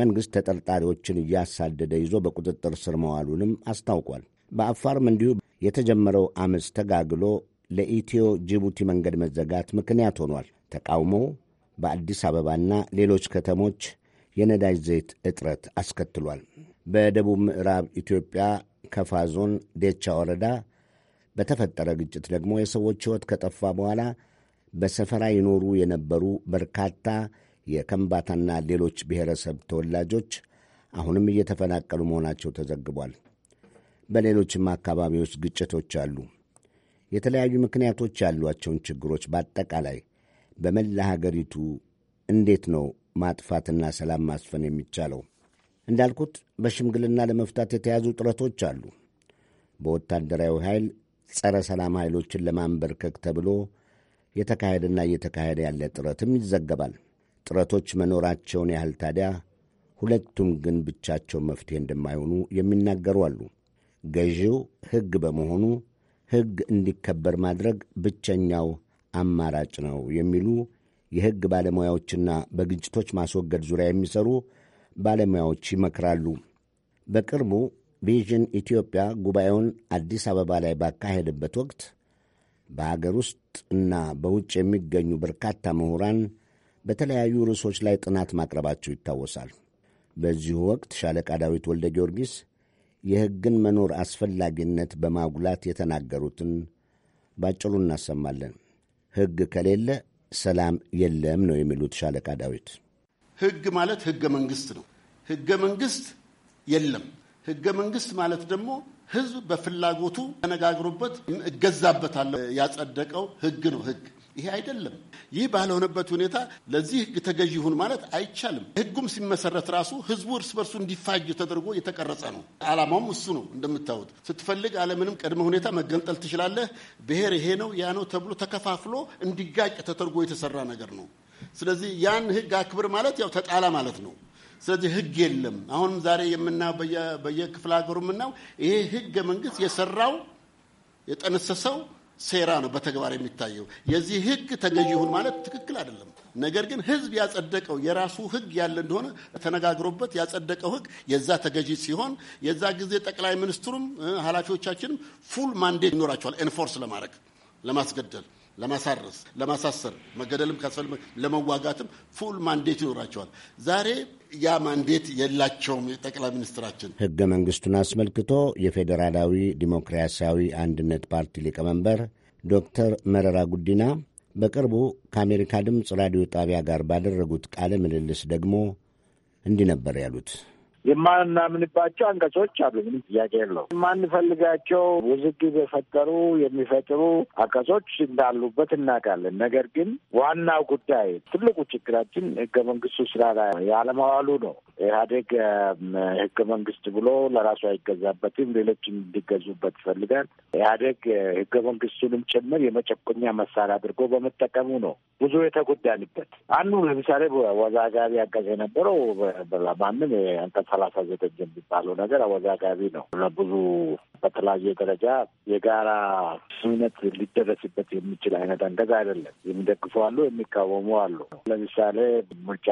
መንግሥት ተጠርጣሪዎችን እያሳደደ ይዞ በቁጥጥር ስር መዋሉንም አስታውቋል። በአፋርም እንዲሁ የተጀመረው አመፅ ተጋግሎ ለኢትዮ ጅቡቲ መንገድ መዘጋት ምክንያት ሆኗል። ተቃውሞው በአዲስ አበባና ሌሎች ከተሞች የነዳጅ ዘይት እጥረት አስከትሏል። በደቡብ ምዕራብ ኢትዮጵያ ከፋ ዞን ዴቻ ወረዳ በተፈጠረ ግጭት ደግሞ የሰዎች ሕይወት ከጠፋ በኋላ በሰፈራ ይኖሩ የነበሩ በርካታ የከምባታና ሌሎች ብሔረሰብ ተወላጆች አሁንም እየተፈናቀሉ መሆናቸው ተዘግቧል። በሌሎችም አካባቢዎች ግጭቶች አሉ። የተለያዩ ምክንያቶች ያሏቸውን ችግሮች በአጠቃላይ በመላ ሀገሪቱ እንዴት ነው ማጥፋትና ሰላም ማስፈን የሚቻለው? እንዳልኩት በሽምግልና ለመፍታት የተያዙ ጥረቶች አሉ። በወታደራዊ ኃይል ጸረ ሰላም ኃይሎችን ለማንበርከክ ተብሎ የተካሄደና እየተካሄደ ያለ ጥረትም ይዘገባል። ጥረቶች መኖራቸውን ያህል ታዲያ ሁለቱም ግን ብቻቸው መፍትሄ እንደማይሆኑ የሚናገሩ አሉ። ገዢው ሕግ በመሆኑ ሕግ እንዲከበር ማድረግ ብቸኛው አማራጭ ነው የሚሉ የሕግ ባለሙያዎችና በግጭቶች ማስወገድ ዙሪያ የሚሰሩ ባለሙያዎች ይመክራሉ። በቅርቡ ቪዥን ኢትዮጵያ ጉባኤውን አዲስ አበባ ላይ ባካሄደበት ወቅት በአገር ውስጥ እና በውጭ የሚገኙ በርካታ ምሁራን በተለያዩ ርዕሶች ላይ ጥናት ማቅረባቸው ይታወሳል። በዚሁ ወቅት ሻለቃ ዳዊት ወልደ ጊዮርጊስ የሕግን መኖር አስፈላጊነት በማጉላት የተናገሩትን ባጭሩ እናሰማለን። ሕግ ከሌለ ሰላም የለም ነው የሚሉት ሻለቃ ዳዊት። ሕግ ማለት ሕገ መንግሥት ነው። ሕገ መንግሥት የለም። ሕገ መንግሥት ማለት ደግሞ ህዝብ በፍላጎቱ ተነጋግሮበት እገዛበታለሁ ያጸደቀው ህግ ነው ህግ ይሄ አይደለም። ይህ ባልሆነበት ሁኔታ ለዚህ ህግ ተገዢ ይሁን ማለት አይቻልም። ህጉም ሲመሰረት ራሱ ህዝቡ እርስ በርሱ እንዲፋጅ ተደርጎ የተቀረጸ ነው። አላማውም እሱ ነው። እንደምታዩት ስትፈልግ አለምንም ቅድመ ሁኔታ መገንጠል ትችላለህ። ብሔር ይሄ ነው ያ ነው ተብሎ ተከፋፍሎ እንዲጋጭ ተደርጎ የተሰራ ነገር ነው። ስለዚህ ያን ህግ አክብር ማለት ያው ተጣላ ማለት ነው። ስለዚህ ህግ የለም። አሁንም ዛሬ የምናየው በየክፍለ ሀገሩ የምናየው ይሄ ህገ መንግስት የሰራው የጠነሰሰው ሴራ ነው በተግባር የሚታየው። የዚህ ህግ ተገዥ ይሁን ማለት ትክክል አይደለም። ነገር ግን ህዝብ ያጸደቀው የራሱ ህግ ያለ እንደሆነ ተነጋግሮበት ያጸደቀው ህግ የዛ ተገዢ ሲሆን የዛ ጊዜ ጠቅላይ ሚኒስትሩም ኃላፊዎቻችንም ፉል ማንዴት ይኖራቸዋል ኤንፎርስ ለማድረግ ለማስገደል ለማሳረስ፣ ለማሳሰር፣ መገደልም ካስፈል ለመዋጋትም ፉል ማንዴት ይኖራቸዋል። ዛሬ ያ ማንዴት የላቸውም። የጠቅላይ ሚኒስትራችን ህገ መንግስቱን አስመልክቶ የፌዴራላዊ ዲሞክራሲያዊ አንድነት ፓርቲ ሊቀመንበር ዶክተር መረራ ጉዲና በቅርቡ ከአሜሪካ ድምፅ ራዲዮ ጣቢያ ጋር ባደረጉት ቃለ ምልልስ ደግሞ እንዲህ ነበር ያሉት። የማናምንባቸው አንቀጾች አሉ። ምንም ጥያቄ የለው። የማንፈልጋቸው ውዝግብ የፈጠሩ የሚፈጥሩ አንቀጾች እንዳሉበት እናውቃለን። ነገር ግን ዋናው ጉዳይ ትልቁ ችግራችን ህገ መንግስቱ ስራ ላይ ያለማዋሉ ነው። ኢህአዴግ ህገ መንግስት ብሎ ለራሱ አይገዛበትም፣ ሌሎች እንዲገዙበት ይፈልጋል። ኢህአዴግ ህገ መንግስቱንም ጭምር የመጨቆኛ መሳሪያ አድርጎ በመጠቀሙ ነው ብዙ የተጎዳንበት። አንዱ ለምሳሌ ወዛጋቢ አንቀጽ የነበረው ማንም አንቀጽ ሰላሳ ዘጠኝ የሚባለው ነገር አወዛጋቢ ነው። ለብዙ በተለያየ ደረጃ የጋራ ስምምነት ሊደረስበት የሚችል አይነት አንደጋ አይደለም። የሚደግፉ አሉ፣ የሚቃወሙ አሉ። ለምሳሌ ምርጫ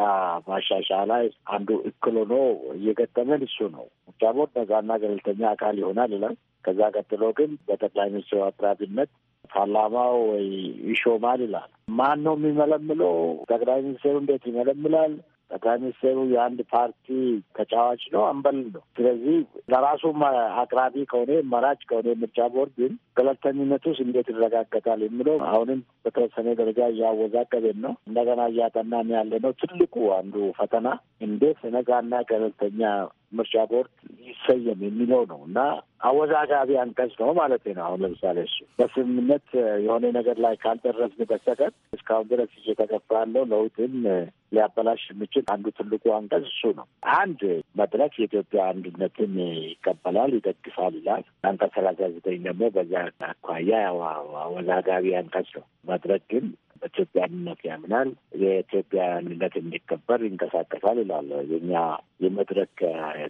ማሻሻያ ላይ አንዱ እክል ሆኖ እየገጠመን እሱ ነው። ምርጫ ቦርድ ነጻና ገለልተኛ አካል ይሆናል ይላል። ከዛ ቀጥሎ ግን በጠቅላይ ሚኒስትሩ አቅራቢነት ፓርላማው ወይ ይሾማል ይላል። ማን ነው የሚመለምለው? ጠቅላይ ሚኒስትሩ እንዴት ይመለምላል? ጠቅላይ ሚኒስትሩ የአንድ ፓርቲ ተጫዋች ነው፣ አንበል ነው። ስለዚህ ለራሱ አቅራቢ ከሆነ መራጭ ከሆነ ምርጫ ቦርድ ግን ገለልተኝነቱስ እንዴት ይረጋገጣል የሚለው አሁንም በተወሰነ ደረጃ እያወዛቀብን ነው፣ እንደገና እያጠናን ያለ ነው። ትልቁ አንዱ ፈተና እንዴት ነጻና ገለልተኛ ምርጫ ቦርድ ይሰየም የሚለው ነው እና አወዛጋቢ አንቀጽ ነው ማለት ነው። አሁን ለምሳሌ እሱ በስምምነት የሆነ ነገር ላይ ካልደረስን በስተቀር እስካሁን ድረስ እየተገፋ ያለው ለውጥን ሊያበላሽ የሚችል አንዱ ትልቁ አንቀጽ እሱ ነው። አንድ መድረክ የኢትዮጵያ አንድነትን ይቀበላል፣ ይደግፋል ይላል። አንቀጽ ሰላሳ ዘጠኝ ደግሞ በዛ አኳያ አወዛጋቢ አንቀጽ ነው። መድረክ ግን ኢትዮጵያንነት ያምናል፣ የኢትዮጵያንነት እንዲከበር ይንቀሳቀሳል ይላል የኛ የመድረክ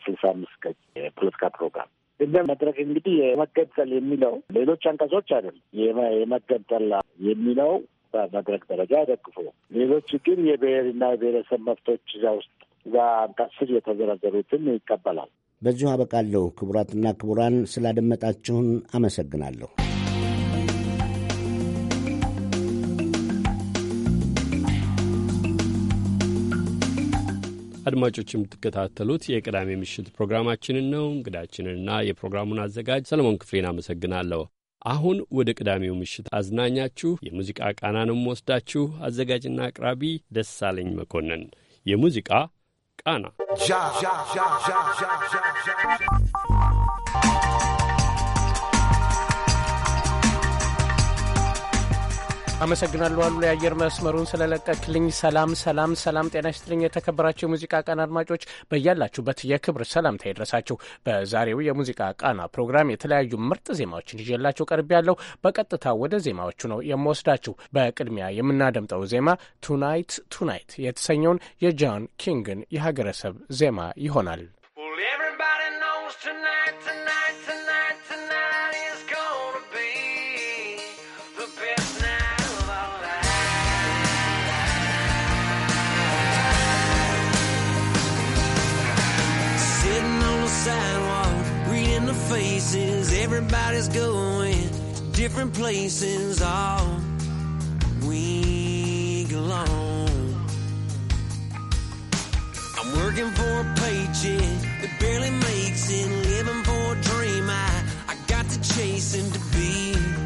ስልሳ አምስት ገጽ የፖለቲካ ፕሮግራም። እንደ መድረክ እንግዲህ የመገንጠል የሚለው ሌሎች አንቀጾች አይደል የመገንጠል የሚለው በመድረክ ደረጃ አይደግፉ። ሌሎች ግን የብሔርና የብሔረሰብ መብቶች እዛ ውስጥ እዛ አንቀጽ ስር የተዘረዘሩትን ይቀበላል። በዚሁ አበቃለሁ። ክቡራትና ክቡራን ስላደመጣችሁን አመሰግናለሁ። አድማጮች የምትከታተሉት የቅዳሜ ምሽት ፕሮግራማችንን ነው። እንግዳችንንና የፕሮግራሙን አዘጋጅ ሰለሞን ክፍሌን አመሰግናለሁ። አሁን ወደ ቅዳሜው ምሽት አዝናኛችሁ የሙዚቃ ቃናንም ወስዳችሁ አዘጋጅና አቅራቢ ደሳለኝ መኮንን። የሙዚቃ ቃና አመሰግናለሁ አሉ የአየር መስመሩን ስለለቀቅልኝ። ሰላም ሰላም ሰላም፣ ጤና ይስጥልኝ። የተከበራቸው የሙዚቃ ቃና አድማጮች በያላችሁበት የክብር ሰላምታ ይድረሳችሁ። በዛሬው የሙዚቃ ቃና ፕሮግራም የተለያዩ ምርጥ ዜማዎችን ይዤላችሁ ቀርብ ያለው በቀጥታ ወደ ዜማዎቹ ነው የምወስዳችሁ። በቅድሚያ የምናደምጠው ዜማ ቱናይት ቱናይት የተሰኘውን የጃን ኪንግን የሀገረሰብ ዜማ ይሆናል። Everybody's going different places all week long. I'm working for a paycheck that barely makes it, living for a dream I, I got to chase and to be.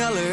color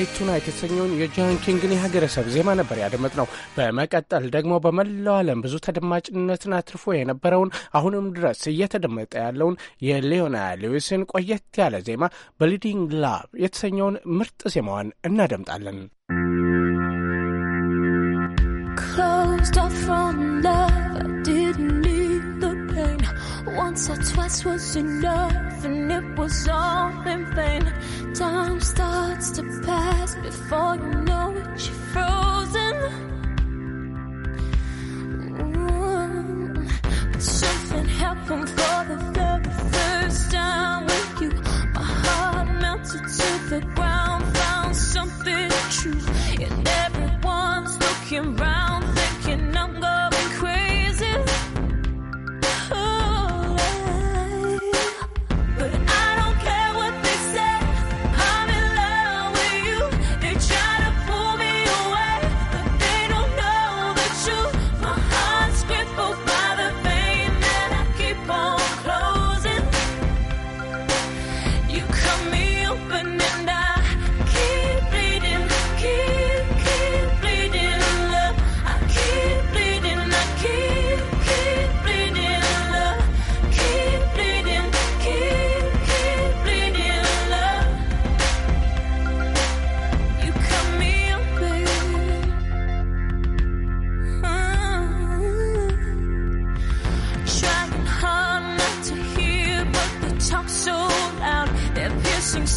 ናይት ቱ የተሰኘውን የጃን ኪንግን የሀገረሰብ ዜማ ነበር ያደመጥ ነው። በመቀጠል ደግሞ በመላው ዓለም ብዙ ተደማጭነትን አትርፎ የነበረውን አሁንም ድረስ እየተደመጠ ያለውን የሌዮና ሌዊስን ቆየት ያለ ዜማ በሊዲንግ ላቭ የተሰኘውን ምርጥ ዜማዋን እናደምጣለን። once or twice was enough, and it was all in vain. Time starts to pass before you know it, you're frozen. But something happened for the very first time with you. My heart melted to the ground, found something true, and everyone's looking right.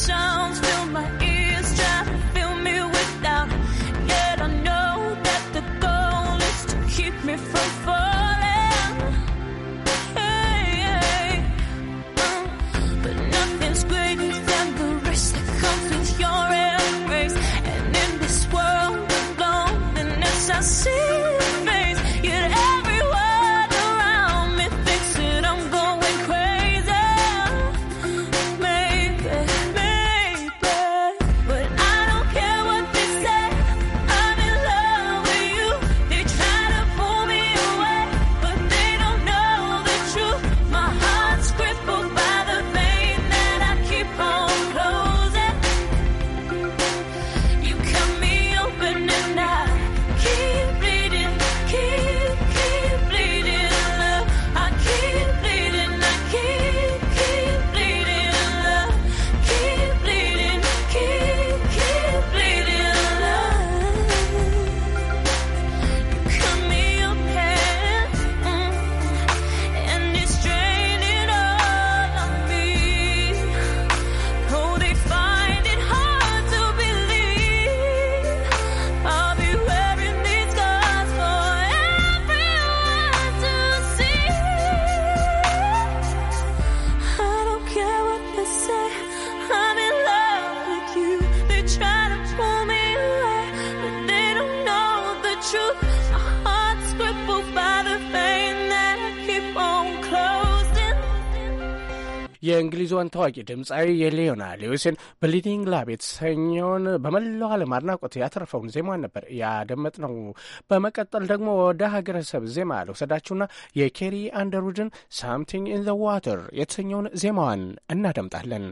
sun. የጀርመን ታዋቂ ድምፃዊ የሊዮና ሌዊስን ብሊዲንግ ላብ የተሰኘውን በመላው ዓለም አድናቆት ያተረፈውን ዜማን ነበር ያደመጥነው። በመቀጠል ደግሞ ወደ ሀገረሰብ ዜማ ልውሰዳችሁና የኬሪ አንደርውድን ሳምቲንግ ኢን ዘ ዋተር የተሰኘውን ዜማዋን እናደምጣለን።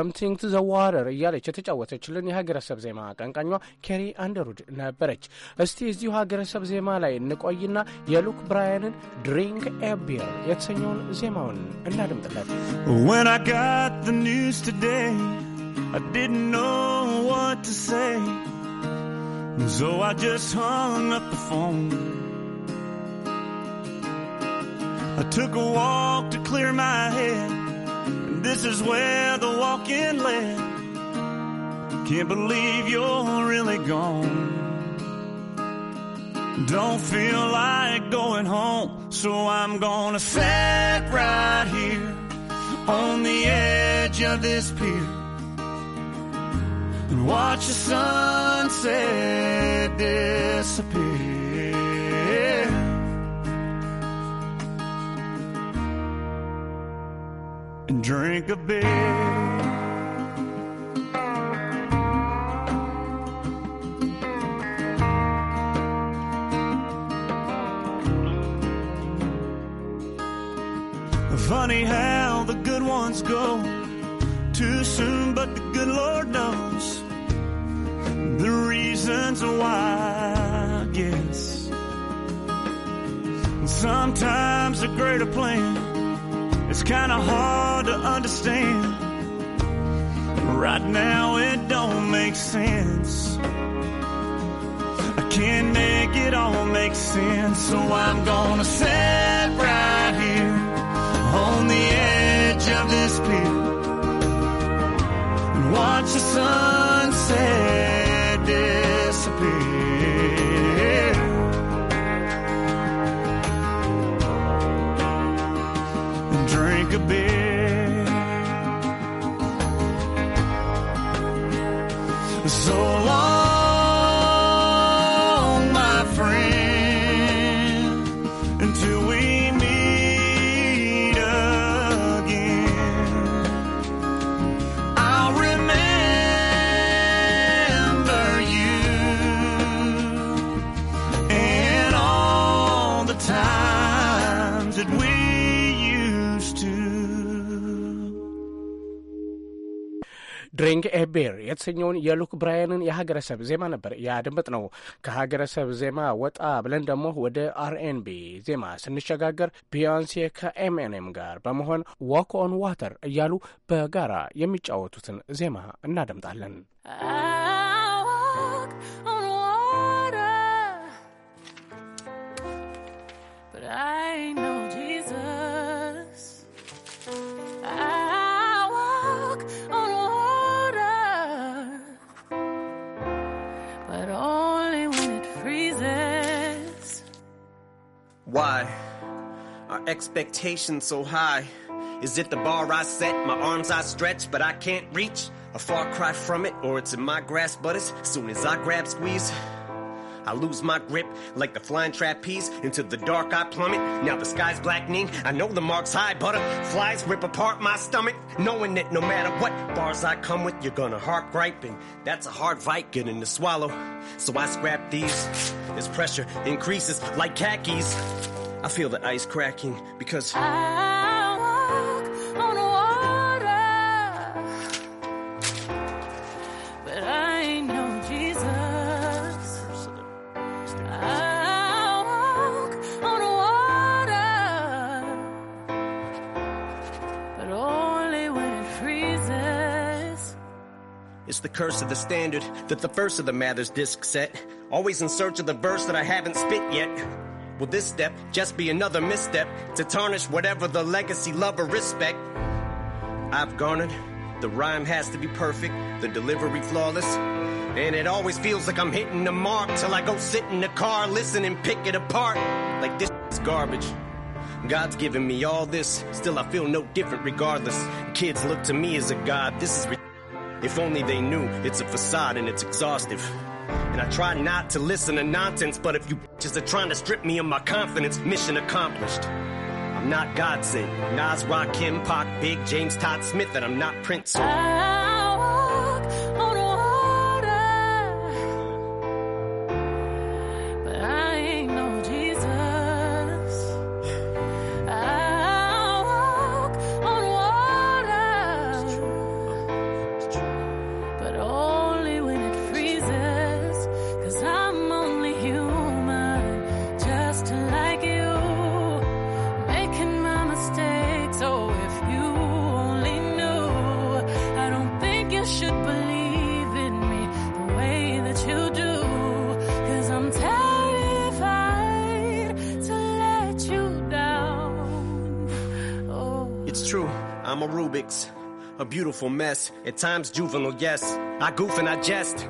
ሳምቲንግ ቱ ዘ ዋተር እያለች የተጫወተችልን የሀገረሰብ ዜማ አቀንቃኟ ኬሪ አንደርውድ ነበረች። እስቲ እዚሁ ሀገረሰብ ዜማ ላይ እንቆይና የሉክ ብራያንን ድሪንክ ኤ ቢር የተሰኘውን ዜማውን እናድምጥለት። When I got the news today, I didn't know what to say. So I just hung up the phone. I took a walk to clear my head. This is where the walking led. Can't believe you're really gone. Don't feel like going home, so I'm gonna sit right here on the edge of this pier and watch the sunset disappear. drink a beer. Funny how the good ones go too soon, but the good Lord knows the reasons why, I guess. And sometimes a greater plan it's kinda hard to understand. Right now it don't make sense. I can't make it all make sense. So I'm gonna sit right here on the edge of this pier and watch the sun. took a bit. So long. ኤቤር የተሰኘውን የሉክ ብራያንን የሀገረሰብ ዜማ ነበር ያድምጥ ነው። ከሀገረሰብ ዜማ ወጣ ብለን ደግሞ ወደ አርኤንቢ ዜማ ስንሸጋገር ቢዮንሴ ከኤምኤንኤም ጋር በመሆን ዋክ ኦን ዋተር እያሉ በጋራ የሚጫወቱትን ዜማ እናደምጣለን። I know Why are expectations so high? Is it the bar I set? My arms I stretch, but I can't reach. A far cry from it, or it's in my grasp, but as soon as I grab, squeeze. I lose my grip like the flying trapeze. Into the dark I plummet. Now the sky's blackening. I know the mark's high, butter. Flies rip apart my stomach. Knowing that no matter what bars I come with, you're gonna harp griping. That's a hard fight getting to swallow. So I scrap these. As pressure increases like khakis, I feel the ice cracking because I but only when it freezes. It's the curse of the standard that the first of the Mathers disc set. Always in search of the verse that I haven't spit yet. Will this step just be another misstep to tarnish whatever the legacy, love, or respect I've garnered? The rhyme has to be perfect, the delivery flawless. And it always feels like I'm hitting the mark till I go sit in the car, listen, and pick it apart. Like this is garbage. God's given me all this, still I feel no different regardless. Kids look to me as a god, this is If only they knew, it's a facade and it's exhaustive. And I try not to listen to nonsense, but if you bitches are trying to strip me of my confidence, mission accomplished. I'm not Godson, Nas, Kim, Pac, Big, James, Todd Smith, and I'm not Prince. beautiful mess, at times juvenile, yes. I goof and I jest.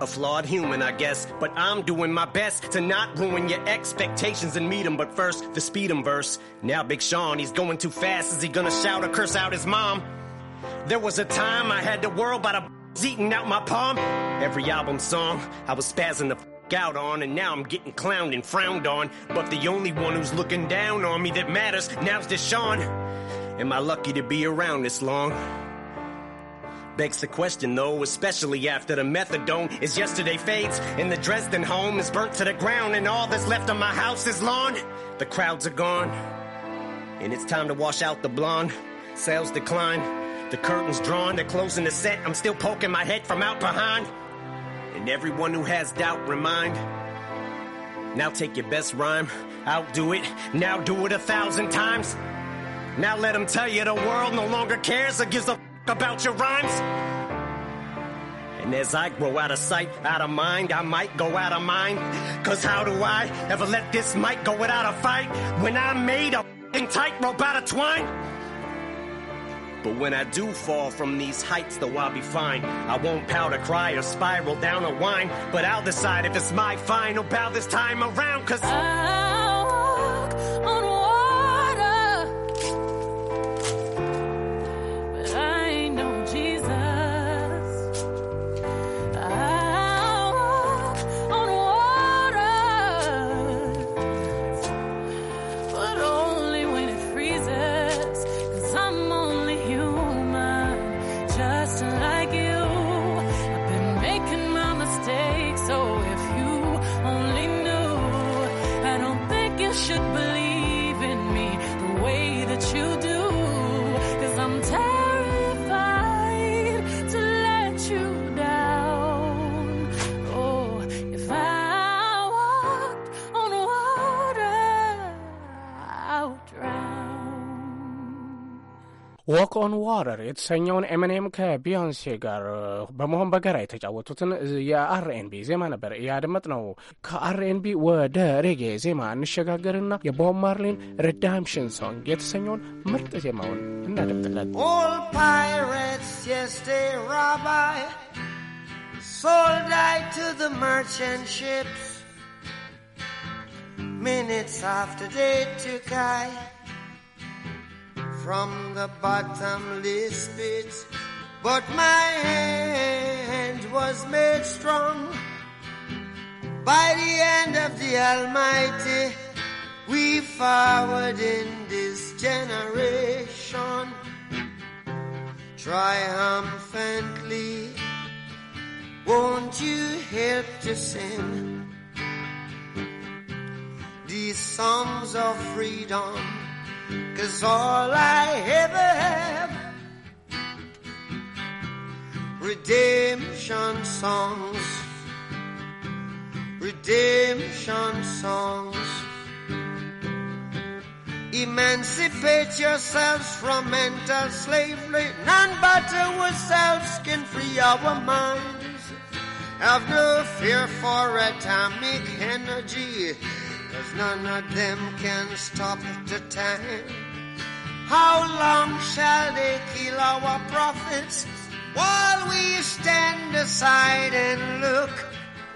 A flawed human, I guess, but I'm doing my best to not ruin your expectations and meet 'em. But first, the speed 'em verse. Now, Big Sean, he's going too fast. Is he gonna shout or curse out his mom? There was a time I had the world by the b****s eating out my palm. Every album song, I was spazzing the f- out on, and now I'm getting clowned and frowned on. But the only one who's looking down on me that matters now's Deshaun. Am I lucky to be around this long? Begs the question though, especially after the methadone is yesterday fades and the Dresden home is burnt to the ground and all that's left of my house is lawn. The crowds are gone and it's time to wash out the blonde. Sales decline, the curtains drawn, they're closing the set. I'm still poking my head from out behind. And everyone who has doubt, remind. Now take your best rhyme, outdo it, now do it a thousand times. Now let them tell you the world no longer cares or gives a f- about your rhymes. And as I grow out of sight, out of mind, I might go out of mind. Cause how do I ever let this mic go without a fight when I made a tight rope out of twine? But when I do fall from these heights, though I'll be fine. I won't powder cry or spiral down or whine, but I'll decide if it's my final bow this time around, cause I walk on water. ወክ ኦን ዋተር የተሰኘውን ኤምንኤም ከቢዮንሴ ጋር uh, በመሆን በጋራ የተጫወቱትን uh, የአርኤንቢ ዜማ ነበር ነው ከአርኤንቢ ወደ ሬጌ ዜማ እንሸጋገርና የቦብ ማርሊን ሬዳምሽን ሶንግ የተሰኘውን ምርጥ ዜማውን እናደምጥለን። Sold I to the merchant from the bottomless pit, but my hand was made strong by the hand of the Almighty. We forward in this generation triumphantly. Won't you help to sing these songs of freedom? Cause all I ever have Redemption songs Redemption songs Emancipate yourselves from mental slavery None but ourselves can free our minds Have no fear for atomic energy Cause none of them can stop the time. How long shall they kill our prophets while we stand aside and look?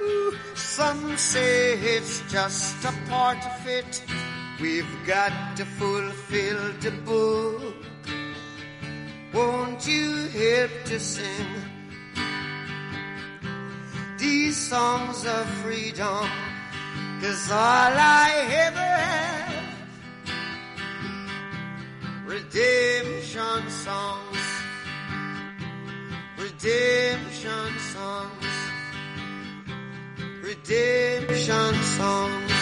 Ooh, some say it's just a part of it. We've got to fulfill the book. Won't you help to sing these songs of freedom? 'Cause all I ever have. Redemption songs, redemption songs, redemption songs.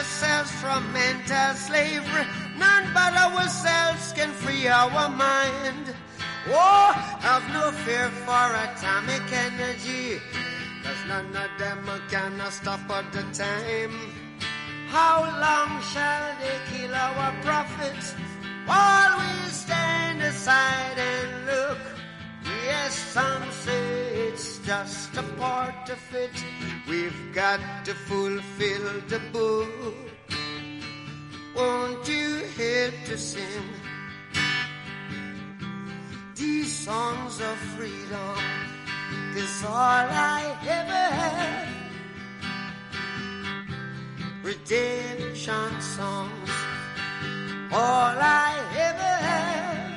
ourselves from mental slavery. None but ourselves can free our mind. Oh, have no fear for atomic energy. Cause none of them can stop at the time. How long shall they kill our prophets? While we stand aside and look, yes, some say it's just a part of it. We've got to fulfill the book. Won't you help to sing these songs of freedom? This all I ever had. Redemption songs, all I ever had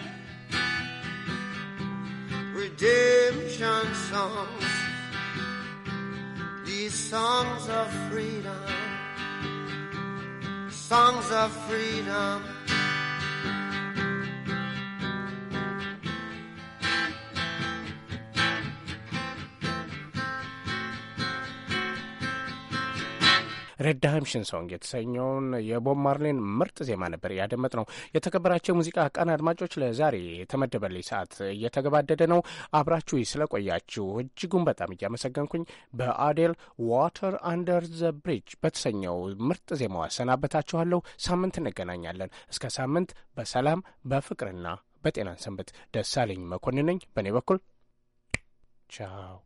redemption songs. These songs of freedom, songs of freedom. ሬዳምሽን ሶንግ የተሰኘውን የቦብ ማርሌን ምርጥ ዜማ ነበር ያደመጥ ነው። የተከበራቸው ሙዚቃ ቀን አድማጮች፣ ለዛሬ የተመደበልኝ ሰዓት እየተገባደደ ነው። አብራችሁ ስለቆያችሁ እጅጉን በጣም እያመሰገንኩኝ በአዴል ዋተር አንደር ዘ ብሪጅ በተሰኘው ምርጥ ዜማዋ ሰናበታችኋለሁ። ሳምንት እንገናኛለን። እስከ ሳምንት በሰላም በፍቅርና በጤናን ሰንበት። ደሳለኝ መኮንን ነኝ በእኔ በኩል ቻው።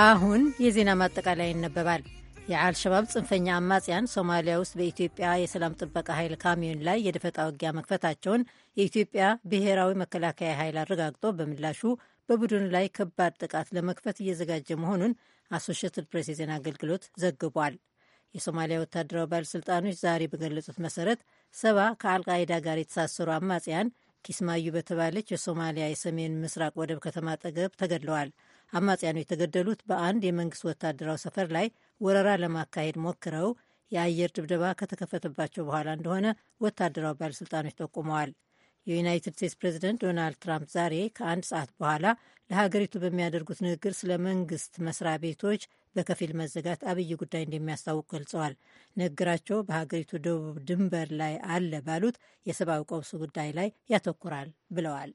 አሁን የዜና ማጠቃለያ ይነበባል። የአልሸባብ ጽንፈኛ አማጽያን ሶማሊያ ውስጥ በኢትዮጵያ የሰላም ጥበቃ ኃይል ካሚዮን ላይ የደፈጣ ውጊያ መክፈታቸውን የኢትዮጵያ ብሔራዊ መከላከያ ኃይል አረጋግጦ በምላሹ በቡድኑ ላይ ከባድ ጥቃት ለመክፈት እየዘጋጀ መሆኑን አሶሽትድ ፕሬስ የዜና አገልግሎት ዘግቧል። የሶማሊያ ወታደራዊ ባለሥልጣኖች ዛሬ በገለጹት መሰረት ሰባ ከአልቃይዳ ጋር የተሳሰሩ አማጽያን ኪስማዩ በተባለች የሶማሊያ የሰሜን ምስራቅ ወደብ ከተማ አጠገብ ተገድለዋል። አማጽያኑ የተገደሉት በአንድ የመንግስት ወታደራዊ ሰፈር ላይ ወረራ ለማካሄድ ሞክረው የአየር ድብደባ ከተከፈተባቸው በኋላ እንደሆነ ወታደራዊ ባለሥልጣኖች ጠቁመዋል። የዩናይትድ ስቴትስ ፕሬዚደንት ዶናልድ ትራምፕ ዛሬ ከአንድ ሰዓት በኋላ ለሀገሪቱ በሚያደርጉት ንግግር ስለ መንግስት መስሪያ ቤቶች በከፊል መዘጋት አብይ ጉዳይ እንደሚያስታውቅ ገልጸዋል። ንግግራቸው በሀገሪቱ ደቡብ ድንበር ላይ አለ ባሉት የሰብአዊ ቀውሱ ጉዳይ ላይ ያተኩራል ብለዋል።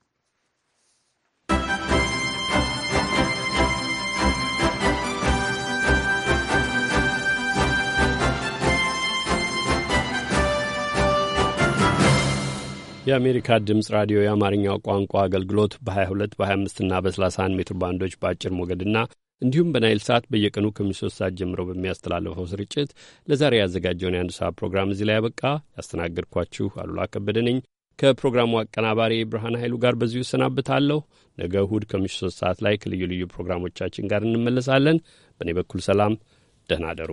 የአሜሪካ ድምጽ ራዲዮ የአማርኛው ቋንቋ አገልግሎት በ22 25 እና በ31 ሜትር ባንዶች በአጭር ሞገድና እንዲሁም በናይል ሰዓት በየቀኑ ከምሽቱ ሶስት ሰዓት ጀምሮ በሚያስተላልፈው ስርጭት ለዛሬ ያዘጋጀውን የአንድ ሰዓት ፕሮግራም እዚህ ላይ ያበቃ። ያስተናገድኳችሁ አሉላ ከበደ ነኝ። ከፕሮግራሙ አቀናባሪ ብርሃን ኃይሉ ጋር በዚሁ እሰናብታለሁ። ነገ እሁድ ከምሽቱ ሶስት ሰዓት ላይ ከልዩ ልዩ ፕሮግራሞቻችን ጋር እንመለሳለን። በእኔ በኩል ሰላም፣ ደህና አደሩ።